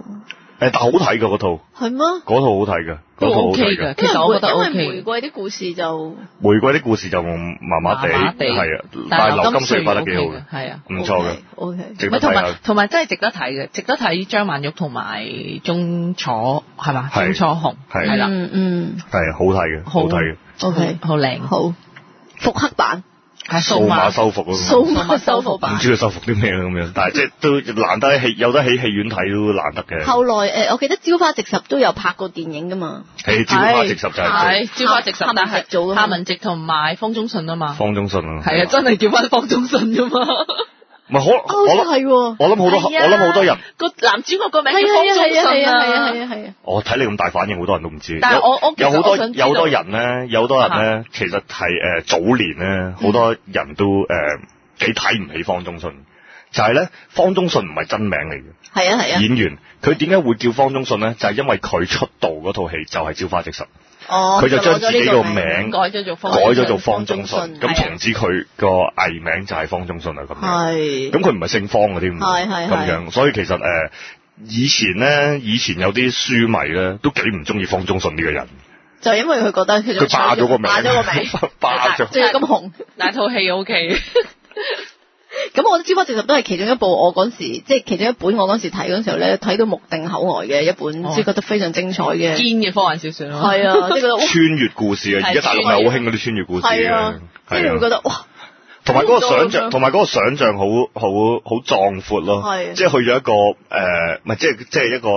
誒，但係好睇嘅嗰套。係咩？嗰套好睇嘅，嗰套 O K 嘅。其實我覺得，因為玫瑰啲故事就玫瑰啲故事就麻麻地，係啊，但係劉金水拍得幾好嘅，係啊，唔錯嘅，O K。同埋同埋真係值得睇嘅，值得睇張曼玉同埋鍾楚係嘛？鍾楚紅係啦，嗯嗯，係好睇嘅，好睇嘅，O K，好靚，好復刻版。係數碼修復咯，數碼修復唔知佢修復啲咩咯咁樣，但係即係都難得喺有得喺戲院睇都難得嘅。後來誒，我記得《朝花夕拾》都有拍過電影噶嘛？係《朝花夕拾》就係《朝花夕拾》，但係係做夏文汐同埋方中信啊嘛。方中信啊，係啊，真係叫翻方中信噶嘛？唔係好，我諗係，我諗好多，我諗好多人個男主角個名叫方中信啊。係啊，係啊，我睇你咁大反應，好多人都唔知。但係我我有好多有好多人咧，有好多人咧，其實係誒早年咧，好多人都誒幾睇唔起方中信，就係咧方中信唔係真名嚟嘅。係啊係啊，演員佢點解會叫方中信咧？就係因為佢出道嗰套戲就係《朝花夕拾》。佢就將自己個名改咗做方中信，咁從此佢個藝名就係方中信啦咁樣。係，咁佢唔係姓方嗰啲咁。係係咁樣，所以其實誒，以前咧，以前有啲書迷咧，都幾唔中意方中信呢個人。就因為佢覺得佢霸咗個名，霸咗個名。霸咗。即係咁紅，那套戲 OK。咁，我覺得《超級偵探》都係其中一部，我嗰時即係其中一本，我嗰時睇嗰時候咧，睇到目定口呆嘅一本，即係、哦、覺得非常精彩嘅堅嘅科幻小説咯。係啊，即、就、係、是、覺得穿越故事啊，而家 大陸咪好興嗰啲穿越故事嘅，即係會覺得哇！同埋嗰個想像，同埋嗰個想像好好好壯闊咯。係、啊、即係去咗一個誒，唔、呃、係即係即係一個誒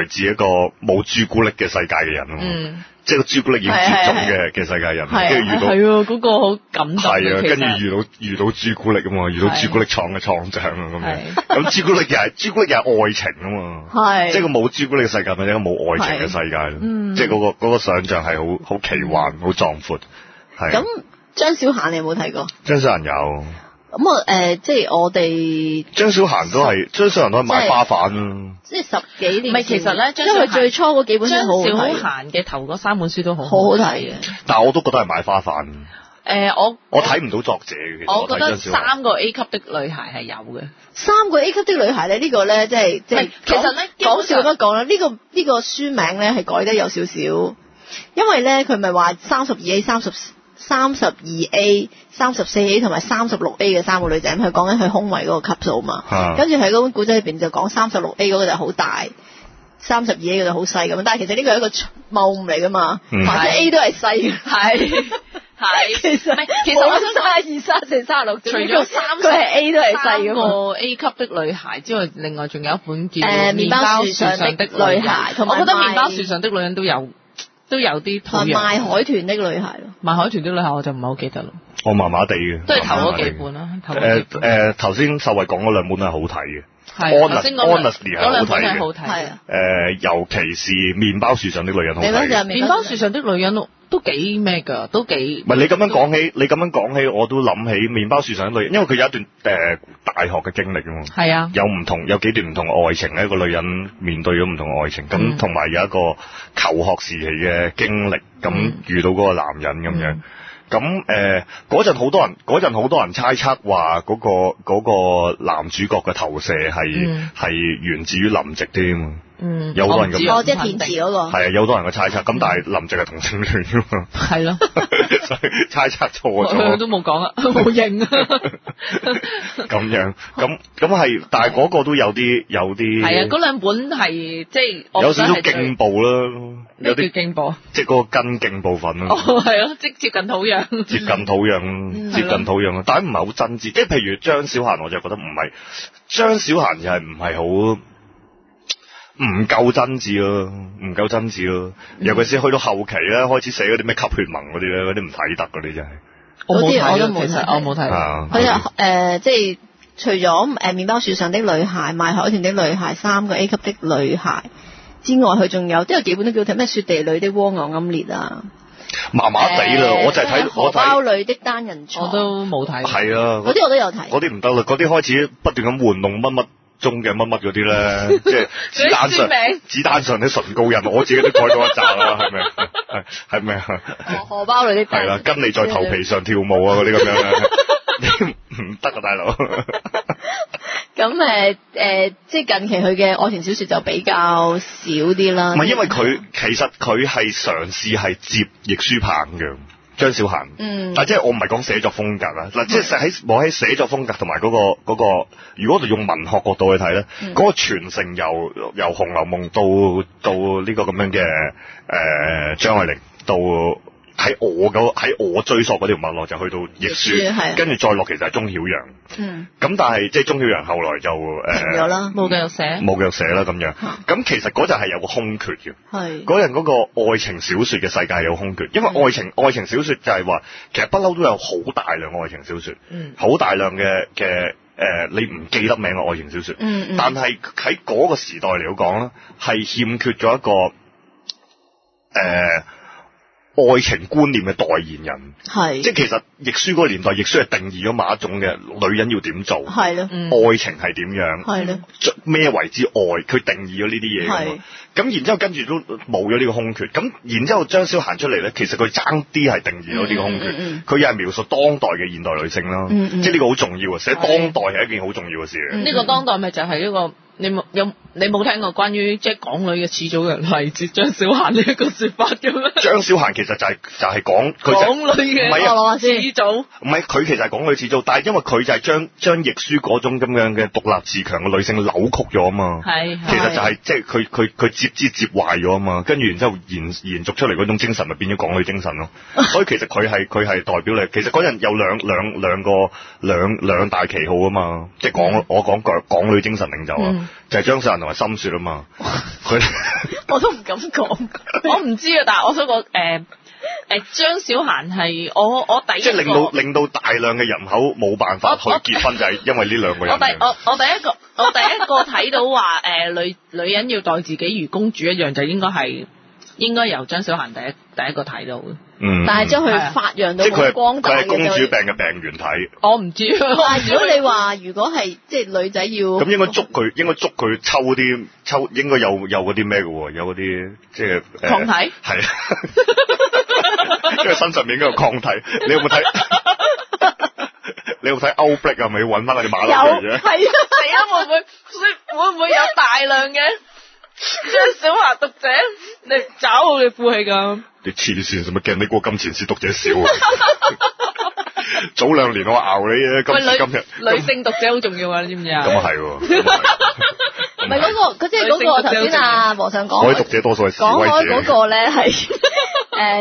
來自一個冇朱古力嘅世界嘅人咯。嗯。即係朱古力要絕種嘅嘅世界人，跟住遇到係啊，嗰個好感動。啊，跟住遇到遇到朱古力啊嘛，遇到朱古力廠嘅廠長啊咁樣。咁朱古力又係朱古力又係愛情啊嘛。係，即係個冇朱古力嘅世界咪變咗冇愛情嘅世界咯。即係嗰個想象係好好奇幻、好壯闊。係。咁張小嫻你有冇睇過？張小嫻有。咁啊，誒，即係我哋張小嫻都係張小嫻都係買花飯咯，即係十幾年。唔係其實咧，因為佢最初嗰幾本書好，張小嫻嘅頭嗰三本書都好好睇嘅。但係我都覺得係買花飯。誒，我我睇唔到作者嘅。我覺得三個 A 級的女孩係有嘅。三個 A 級的女孩咧，呢個咧，即係即係其實咧，講笑咁樣講啦。呢個呢個書名咧係改得有少少，因為咧佢咪話三十二起，三十。三十二 A、三十四 A 同埋三十六 A 嘅三個女仔，咁佢講緊佢胸圍嗰個級數啊嘛。跟住喺嗰本古仔裏邊就講三十六 A 嗰個就好大，三十二 A 嗰個就好細咁。但係其實呢個係一個謬誤嚟噶嘛，或者 A 都係細嘅，係係。其實其實我想睇下二、三十四、三十六除咗三，都係 A 都係細。個 A 級的女孩之外，另外仲有一本叫《麵包樹上的女孩》呃，同埋我覺得麵包樹上的女人都有。都有啲，賣海豚的女孩咯，賣海豚的女孩我就唔係好記得咯，我麻麻哋嘅，都係投咗幾本啦，誒誒，呃、頭先、呃呃、秀慧講嗰兩本係好睇嘅。安安兩套係真係好睇，係啊，誒，尤其是麵《麵包樹上的女人》好睇，《麵包樹上的女人》都幾咩㗎，都幾。唔係你咁樣講起，你咁樣講起，我都諗起《麵包樹上的女人》，因為佢有一段誒、呃、大學嘅經歷㗎嘛。係啊。有唔同有幾段唔同嘅愛情，一個女人面對咗唔同嘅愛情，咁同埋有一個求學時期嘅經歷，咁遇到嗰個男人咁樣。嗯嗯咁誒，嗰陣好多人，嗰陣好多人猜測話嗰、嗰個嗰個男主角嘅投射係係、嗯、源自於林夕添。嗯，有好多人咁，即係填詞嗰個係啊，有好多人嘅猜測。咁但係林夕係同性戀啊嘛，係咯，所以猜測錯咗，都冇講啊，冇認啊，咁樣咁咁係，但係嗰個都有啲有啲係啊。嗰兩本係即係有少少勁爆啦，有啲勁爆，即係嗰個根莖部分咯。哦，係啊，即係接近土壤，接近土壤，接近土壤。啊。但係唔係好真摯，即係譬如張小嫻，我就覺得唔係張小嫻又係唔係好。唔夠真摯咯，唔夠真摯咯。尤其是去到後期咧，開始寫嗰啲咩吸血盟嗰啲咧，嗰啲唔睇得嗰啲真係。我冇睇，我真冇睇。我冇睇。佢又誒，即係除咗誒《麵包樹上的女孩》、《賣海豚的女孩》、三個 A 級的女孩之外，佢仲有都有幾本都叫睇咩《雪地裡的蝸牛》、《奄列》啊。麻麻地啦，我就係睇、欸、荷包裡的單人牀》，我都冇睇。係啊，嗰啲我都有睇。嗰啲唔得啦，嗰啲開始不斷咁玩弄乜乜。中嘅乜乜嗰啲咧，即係子彈上、子彈上啲唇膏人我自己都改咗一集啦，係咪？係係咩啊？荷包類啲，係啦，跟你在頭皮上跳舞啊嗰啲咁樣你唔得啊，大佬 。咁誒誒，即係近期佢嘅愛情小說就比較少啲啦。唔係，因為佢其實佢係嘗試係接易書棒嘅。張小嫻，嗯，但即係我唔係講寫作風格啊，嗱、嗯、即係喺我喺寫作風格同埋嗰個嗰、嗰個，如果我哋用文學角度去睇咧，嗯、嗰個傳承由由《紅樓夢》到到呢個咁樣嘅誒張愛玲到。喺我個喺我追索嗰條脈絡就去到亦舒，跟住再落其實係鍾曉陽。嗯，咁但係即係鍾曉陽後來就誒停咗啦，冇繼續寫，冇繼續寫啦咁樣。咁其實嗰陣係有個空缺嘅，嗰陣嗰個愛情小説嘅世界有空缺，因為愛情愛情小説就係話其實不嬲都有好大量愛情小説，好大量嘅嘅誒你唔記得名嘅愛情小説。但係喺嗰個時代嚟講咧，係欠缺咗一個誒。愛情觀念嘅代言人，係的即係其實亦舒嗰個年代，亦舒係定義咗某一種嘅女人要點做，係咯的，愛情係點樣，係咯的，咩為之愛，佢定義咗呢啲嘢，咁然之後跟住都冇咗呢個空缺，咁然之後張小嫻出嚟咧，其實佢爭啲係定義咗呢個空缺，佢又係描述當代嘅現代女性啦，嗯嗯、即係呢個好重要，啊、嗯，所以、嗯、當代係一件好重要嘅事，呢個當代咪就係一個。嗯嗯嗯你冇有你冇聽過關於即係港女嘅始祖嘅例子張小嫻呢一個說法嘅咩？張小嫻其實就係、是、就係、是、講、就是、港女嘅，係啊是始祖。唔係佢其實係港女始祖，但係因為佢就係將將亦舒嗰種咁樣嘅獨立自強嘅女性扭曲咗啊嘛。係，其實就係即係佢佢佢接接接壞咗啊嘛。跟住然之後延延續出嚟嗰種精神咪變咗港女精神咯。 所以其實佢係佢係代表你。其實嗰陣有兩兩兩個兩兩大旗號啊嘛，即係港、嗯、我講個港女精神領袖啊。嗯就係張小嫻同埋深雪啊嘛，佢哇他們 我都唔敢講、 呃呃，我唔知啊，但係我想講，誒誒張小嫻係我我第一個，即係令到令到大量嘅人口冇辦法去結婚，就係因為呢兩個人。我第我我第一個我第一個睇到話，誒、呃、女女人要待自己如公主一樣，就應該係應該由張小嫻第一第一個睇到。嗯，但係將佢發揚到光大，佢係公主病嘅病原體。我唔知，但係如果你話如果係即係女仔要咁應該捉佢，應該捉佢抽嗰啲抽，應該有有嗰啲咩嘅，有嗰啲即係抗體。係，因為身上面應該有抗體，你有冇睇？你有冇睇？Outbreak 啊，咪要搵翻嗰隻馬騮嚟啫？係啊，係啊會唔會會唔會有大量嘅？張小華讀者，你找好你負氣咁。你黐線，做乜驚你過咁前？是讀者少 早兩年我咬你嘅今類今日女性讀者好重要啊，你知唔知啊？咁啊係。唔係嗰個，佢即係嗰個頭先阿黃想講。女讀者多數係。講開嗰個咧係，誒，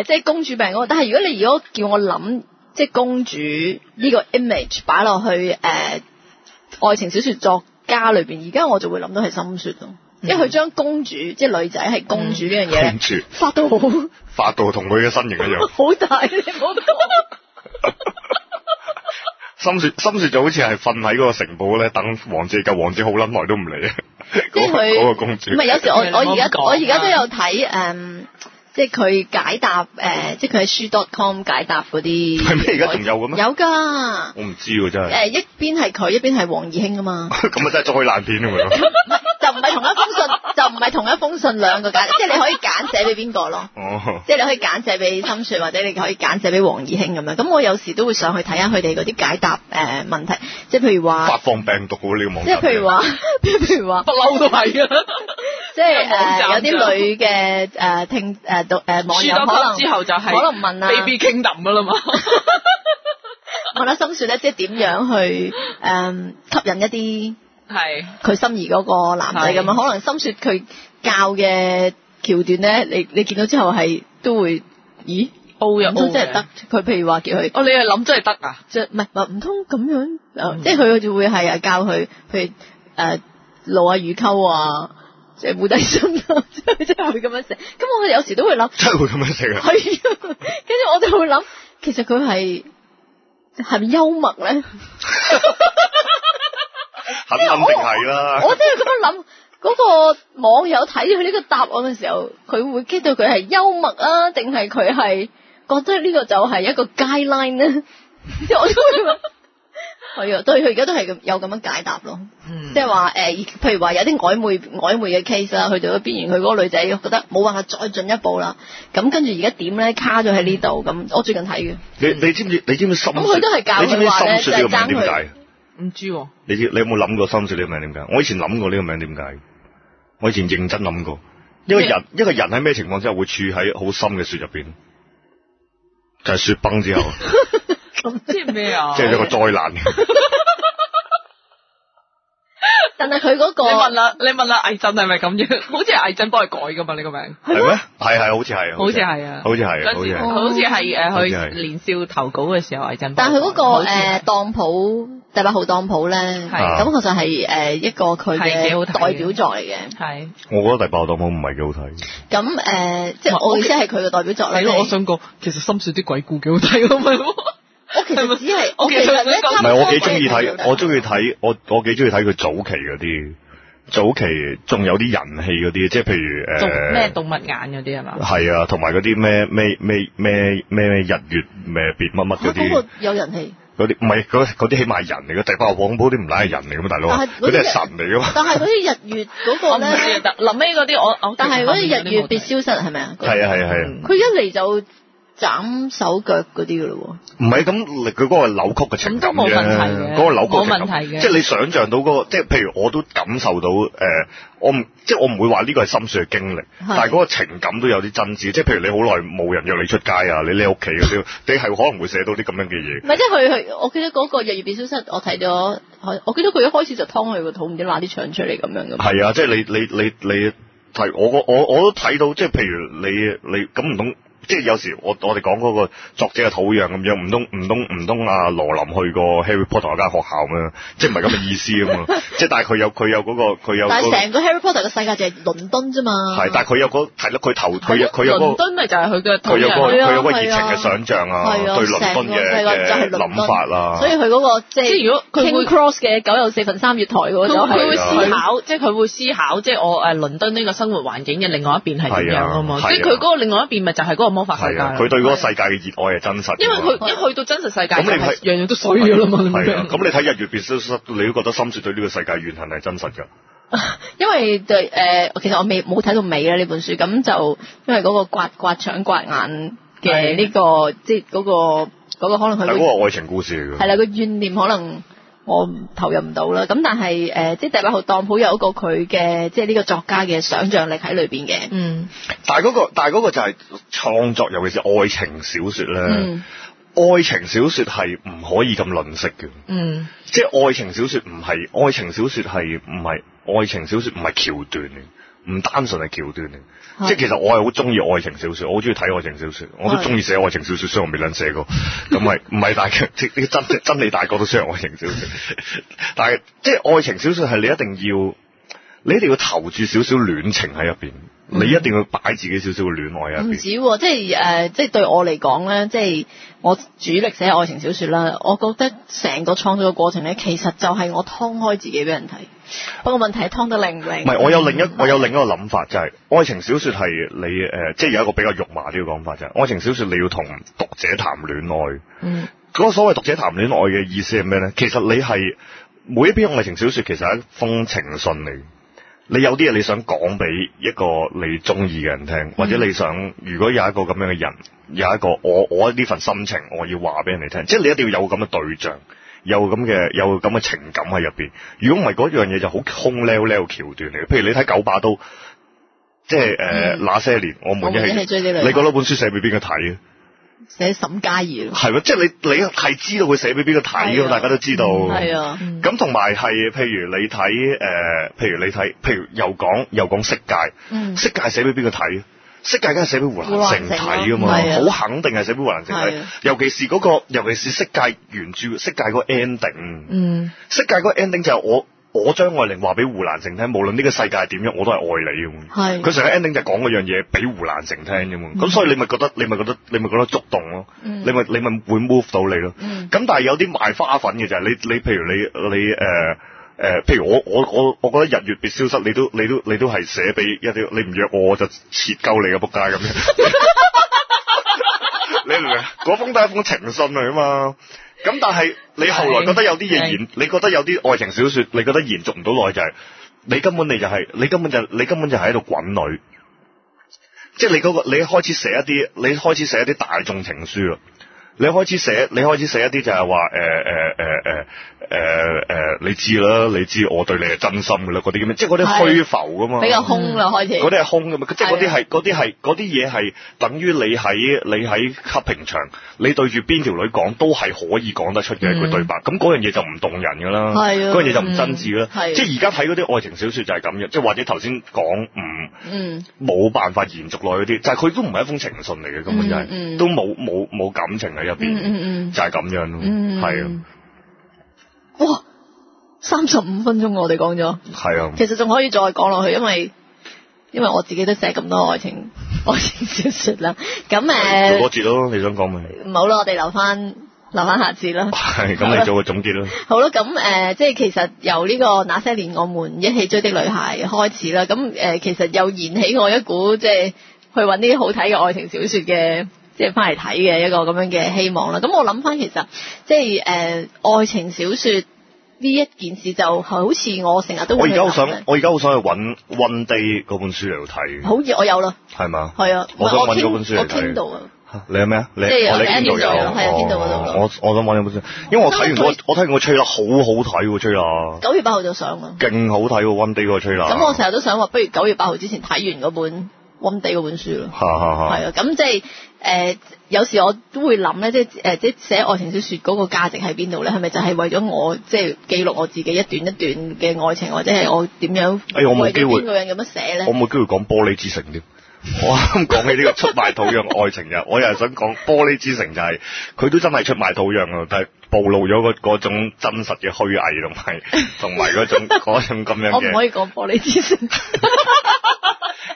即係公主病嗰，那個。但係如果你如果叫我諗，即、就、係、是、公主呢個 image 擺落去誒、呃，愛情小說作家裏邊，而家我就會諗到係深雪咯。因為佢將公主即係女仔係公主呢樣嘢，發到好，發到同佢嘅身形一樣，好大。哈哈哈！哈哈深雪深雪就好似係瞓喺嗰個城堡咧，等王子，嘅王子好撚耐都唔嚟啊！嗰個公主。唔係，有時我我而家我而家都有睇誒，即係佢解答誒，即係佢喺書 dot com 解答嗰啲。係咩？而家仲有嘅咩？有噶。我唔知真係。誒，一邊係佢，一邊係黃義興啊嘛。咁啊，真係做開爛片啊嘛！就唔係同一封信，就唔係同一封信。兩個揀， 即係你可以揀寫俾邊個咯。 即係你可以揀寫俾深雪，或者你可以揀寫俾黃義興咁樣。咁我有時都會上去睇下佢哋嗰啲解答誒、呃、問題，即係譬如話發放病毒嘅呢個網，即係譬如話，譬如話，不嬲都係啊。即係誒、 呃，有啲女嘅誒、呃、聽誒讀誒網友可能 之後就係可能問啊，Baby Kingdom 嘅啦嘛。問下深雪咧，即係點樣去誒、呃、吸引一啲？係佢是心儀嗰個男仔咁樣，是可能深雪佢教嘅橋段咧，你你見到之後係都會，咦，哦，又唔通真係得佢。譬如話叫佢，哦，你係諗真係得啊，即係唔係唔通咁樣，mm hmm. 即係佢好似會係啊教佢，譬如誒，露下乳溝啊，即係冇底心咯、啊，即係真係會咁樣寫。咁 我有時都會諗，真係會咁樣寫啊。係，跟住我就會諗，其實佢係係咪幽默咧？ 肯定係啦，我真係咁樣諗，嗰、嗰個網友睇佢呢個答案嘅時候，佢會激到佢係幽默啊，定係佢係覺得呢個就係一個 guideline 咧？我都係咯，啊， 對，都佢而家都係咁有咁樣解答咯，即係話誒，譬如話有啲曖昧曖昧嘅 case 啦，去到邊緣，佢嗰個女仔覺得冇辦法再進一步啦，咁跟住而家點咧？卡咗喺呢度咁，嗯、我最近睇嘅。你你知唔知？你知唔知咁佢、嗯嗯、都係教嘅話咧，即係點解？唔知，你知，你有冇諗過深雪呢個名點解？我以前諗過呢個名點解，我以前認真諗過，一個人一個人喺咩情況之下會處喺好深嘅雪入邊，就係雪崩之後。咁即係咩啊？即係一個災難。 但係佢嗰個，你問啦，你問啦，魏震係咪咁樣？好似係魏震幫佢改噶嘛？呢個名係咩？係係好似係，好似係啊，好似係，好似係，好似係誒，佢年少投稿嘅時候，魏震，但係佢嗰個誒當鋪第八號當鋪咧，咁其實係誒一個佢嘅代表作嚟嘅。係，我覺得第八號當鋪唔係幾好睇。咁誒，即係我意思係佢嘅代表作啦。咯，我想講，其實《深雪》啲鬼故幾好睇嘅，唔我其實只係，我其實咧，唔係我幾中意睇，我中意睇，我我幾中意睇佢早期嗰啲，早期仲有啲人氣嗰啲，即係譬如誒，咩、呃、動物眼嗰啲係嘛？係啊，同埋嗰啲咩咩咩咩咩日月咩別乜乜嗰啲。嗰個有人氣。嗰啲唔係嗰啲起碼係人嚟嘅，第八個黃寶啲唔係人嚟嘅嘛，大佬。啲係神嚟嘅嘛，但係嗰啲日月嗰個咧，臨尾嗰啲我但係嗰啲日月別消失係咪啊？係啊係啊。佢、啊啊啊啊嗯、一嚟就。斬手腳嗰啲噶咯喎，唔係咁，佢嗰個扭曲嘅情感冇問題嘅，嗰個扭曲冇問題嘅，即係你想象到嗰個，即係譬如我都感受到，誒，我唔，即係我唔會話呢個係深雪嘅經歷，的但係嗰個情感都有啲真摯，即係譬如你好耐冇人約你出街啊，你匿屋企嘅，你係可能會寫到啲咁樣嘅嘢。唔係，即係佢佢，我記得嗰個日月變消失，我睇咗，我我記得佢一開始就劏佢個肚，唔知拉啲腸出嚟，咁樣嘅。係啊，即係你你你你睇，我我我，我，我都睇到，即係譬如你你咁唔懂。即係有時我我哋講嗰個作者嘅土壤咁樣，唔通唔通唔通阿羅琳去過《Harry Potter》嗰間學校咩？即係唔係咁嘅意思啊嘛？即係但係佢有佢有嗰個佢有，但係成個《Harry Potter》嘅世界就係倫敦啫嘛。係，但係佢有嗰係咯，佢頭佢有佢有個倫敦咪就係佢嘅土壤，佢有個佢有個熱情嘅想像啊，對倫敦嘅嘅諗法啦。所以佢嗰個即係如果 King Cross 嘅九又四分三月台嗰種佢會思考，即係佢會思考，即係我誒倫敦呢個生活環境嘅另外一邊係點樣啊嘛？即係佢嗰個另外一邊咪就係嗰個。係啊，佢對嗰個世界嘅熱愛係真實。因為佢一、嗯、去到真實世界，咁樣樣都水嘅啦嘛。係啊，咁、啊、你睇《日月變色》，你都覺得深雪對呢個世界怨恨係真實嘅。 因為對誒、呃，其實我未冇睇到尾啦呢本書。咁就因為嗰個刮刮腸刮眼嘅呢、這個，啊、即係嗰、那個嗰個可能係。係個愛情故事嚟嘅。係啦、啊，個怨念可能。我投入唔到啦，咁但係誒，即係第八號當鋪有一個佢嘅，即係呢個作家嘅想像力喺裏邊嘅。嗯，但係嗰個，但係嗰個就係創作，尤其是愛情小説咧。嗯，愛嗯愛，愛情小説係唔可以咁吝嗇嘅。嗯，即係愛情小説唔係，愛情小説係唔係愛情小説唔係橋段嘅。唔單純係橋段嘅，即係其實我係好中意愛情小說，我好中意睇愛情小說，我都中意寫愛情小說，雖然我未捻寫過，咁係唔係大角即係真真理大哥都需要愛情小說，但係即係愛情小說係你一定要，你一定要投注少少戀情喺入邊，嗯、你一定要擺自己少少嘅戀愛入邊。只止、嗯，即係誒，即、呃、係、就是、對我嚟講咧，即、就、係、是、我主力寫愛情小說啦。我覺得成個創作嘅過程咧，其實就係我劏開自己俾人睇。不過問題，湯得靈唔靈？唔係，我有另一、嗯、我有另一個諗法，就係、是、愛情小說係你誒，即係有一個比較肉麻啲嘅講法，就係、是、愛情小說你要同讀者談戀愛。嗯。嗰個所謂讀者談戀愛嘅意思係咩呢？其實你係每一篇愛情小說，其實係一封情信嚟。你有啲嘢你想講俾一個你中意嘅人聽，嗯、或者你想，如果有一個咁樣嘅人，有一個我我呢份心情，我要話俾人哋聽，即係你一定要有咁嘅對象。有咁嘅有咁嘅情感喺入邊，如果唔係嗰樣嘢就好空咧咧橋段嚟。譬如你睇九把刀，即係誒、呃、那些年，我們一起、啊。你覺得本書寫俾邊個睇？寫沈佳宜。係咯，即係你你係知道佢寫俾邊個睇嘅，啊、大家都知道。係啊。咁同埋係，譬如你睇誒、呃，譬如你睇，譬如，譬如，譬如又講又講色戒，嗯、色戒寫俾邊個睇？色戒梗係寫俾胡蘭成睇噶嘛，好是、啊、肯定係寫俾胡蘭成睇，尤其是嗰、那個，尤其是色戒原著色戒嗰 ending，嗯，色戒嗰 ending 就係我我張愛玲話俾胡蘭成聽，無論呢個世界係點樣，我都係愛你噶嘛，係是、啊，佢成日 ending 就講嗰樣嘢俾胡蘭成聽啫嘛，咁所以你咪覺得你咪覺得你咪覺得觸動咯、嗯，你咪你咪會 move 到你咯，咁、嗯、但係有啲賣花粉嘅就係你你譬如你你誒。你你你你你呃誒、呃，譬如我我我我覺得日月別消失，你都你都你都係寫俾一啲，你唔約我我就切鳩你嘅仆街咁樣。啊、 你明唔明？嗰封都係一封情信嚟，啊嘛。咁但係你後來覺得有啲嘢延，是你覺得有啲的愛情小說你覺得延續唔到耐就係，你根本你就係，你根本就係、你根本就係喺度滾女，即係你嗰、嗰個你開始寫一啲，你開始寫一啲大眾情書啦。你開始寫，你開始寫一啲就係話誒誒誒誒誒誒，你知啦，你知我對你係真心噶啦，嗰啲咁樣，即係嗰啲虛浮噶嘛，比較空啦開始。嗰啲係空噶嘛，即係嗰啲係嗰啲係嗰啲嘢係等於你喺你喺黑平場，你對住邊條女講都係可以講得出嘅一個對白，咁嗰樣嘢就唔動人噶啦，嗰樣嘢就唔真摯啦，即係而家睇嗰啲愛情小説就係咁樣，即係或者頭先講唔冇辦法延續落去啲，就係佢都唔係一封情信嚟嘅，根本就係都冇冇冇感情嘅。嗯嗯嗯，就係咁樣咯，係、嗯嗯嗯、啊，哇，三十五分鐘我哋講咗，係啊，其實仲可以再講落去，因為因為我自己都寫咁多愛情 愛情小說啦，咁誒，多節咯，你想講咩？唔好啦，我哋留翻留翻下次啦，係， 咁你做個總結啦。好啦，咁誒、呃，即係其實由呢個那些年我們一起追的女孩開始啦，咁誒、呃，其實又燃起我一股即係去搵啲好睇嘅愛情小說嘅。即係翻嚟睇嘅一個咁樣嘅希望啦。咁我諗翻，其實即係誒，愛情小說呢一件事就好似我成日都我而家好想，我而家好想去搵《One Day》嗰本書嚟度睇。好熱，我有啦。係嘛？係啊，我想搵咗本書我傾到啊。你喺咩啊？你你邊度係邊我我想搵一本書，因為我睇完我我睇過《吹啦》，好好睇喎，《崔啦》。九月八號就上啦。勁好睇喎，《One Day》嗰個《吹啦》。咁我成日都想話，不如九月八號之前睇完嗰本《One Day》嗰本書啦。吓吓吓！係啊，咁即係。誒、呃、有時我都會諗咧，即係誒即係寫愛情小説嗰個價值喺邊度咧？係咪就係為咗我即係記錄我自己一段一段嘅愛情，或者係我點樣？誒、哎，我冇機會。邊個人咁樣寫咧？我冇機會講《玻璃之城》添。 我啱講起呢個出賣土壤嘅愛情嘅， 我又係想講、就係《 樣樣玻璃之城》，就係佢都真係出賣土壤嘅，但係暴露咗嗰種真實嘅虛偽同埋同埋嗰種咁樣。我唔可以講《玻璃之城》。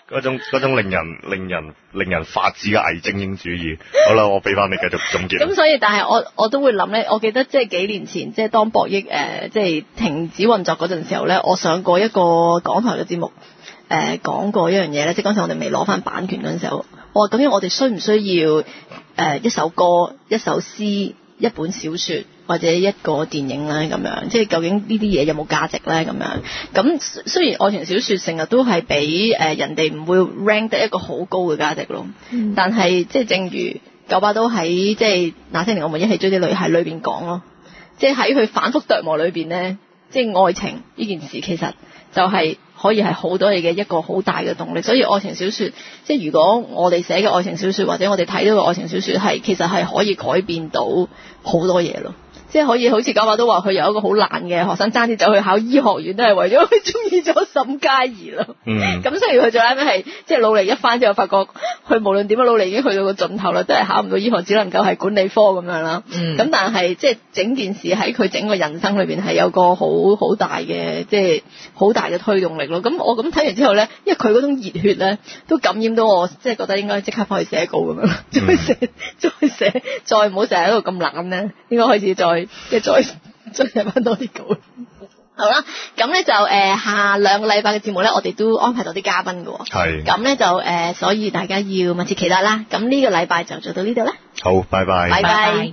嗰種種令人令人令人髮指嘅偽精英主義。好啦，我俾翻你繼續總結。咁 所以，但係我我都會諗咧。我記得即係幾年前，即係當博益誒即係停止運作嗰陣時候咧，我上過一個港台嘅節目誒，呃、講過一樣嘢咧。即係當時我哋未攞翻版權嗰陣時候，我話究竟我哋需唔需要誒、呃、一首歌、一首詩、一本小說？或者一個電影啦，咁樣，即係究竟呢啲嘢有冇價值呢？咁樣？咁雖然愛情小說成日都係俾誒人哋唔會 rank 得一個好高嘅價值咯，嗯、但係即係正如九把刀喺即係那些年我們一起追啲女孩裏邊講咯，即係喺佢反覆琢磨裏邊呢，即係愛情呢件事其實就係可以係好多嘢嘅一個好大嘅動力，所以愛情小說即係如果我哋寫嘅愛情小說或者我哋睇到嘅愛情小說係其實係可以改變到好多嘢咯。即係可以好似九把刀都話佢有一個好懶嘅學生爭啲走去考醫學院，都係為咗佢中意咗沈佳宜咯。咁、嗯、雖然佢最後係即係努力一翻之後，發覺佢無論點樣努力已經去到個盡頭啦，都係考唔到醫學，只能夠係管理科咁樣啦。嗯，咁但係即係整件事喺佢整個人生裏邊係有個好好大嘅即係好大嘅推動力咯。咁我咁睇完之後咧，因為佢嗰種熱血咧都感染到我，即、就、係、是、覺得應該即刻返去寫稿咁樣，再寫、嗯、 再寫，再唔好成日喺度咁懶咧，應該開始再。嘅 再再揾多啲稿， 好啦，咁咧就誒、呃、下兩個禮拜嘅節目咧，我哋都安排到啲嘉賓噶喎，係的，咁咧就誒、呃，所以大家要密切期待啦。咁呢個禮拜就做到呢度啦。好，拜拜，拜拜。拜拜拜拜。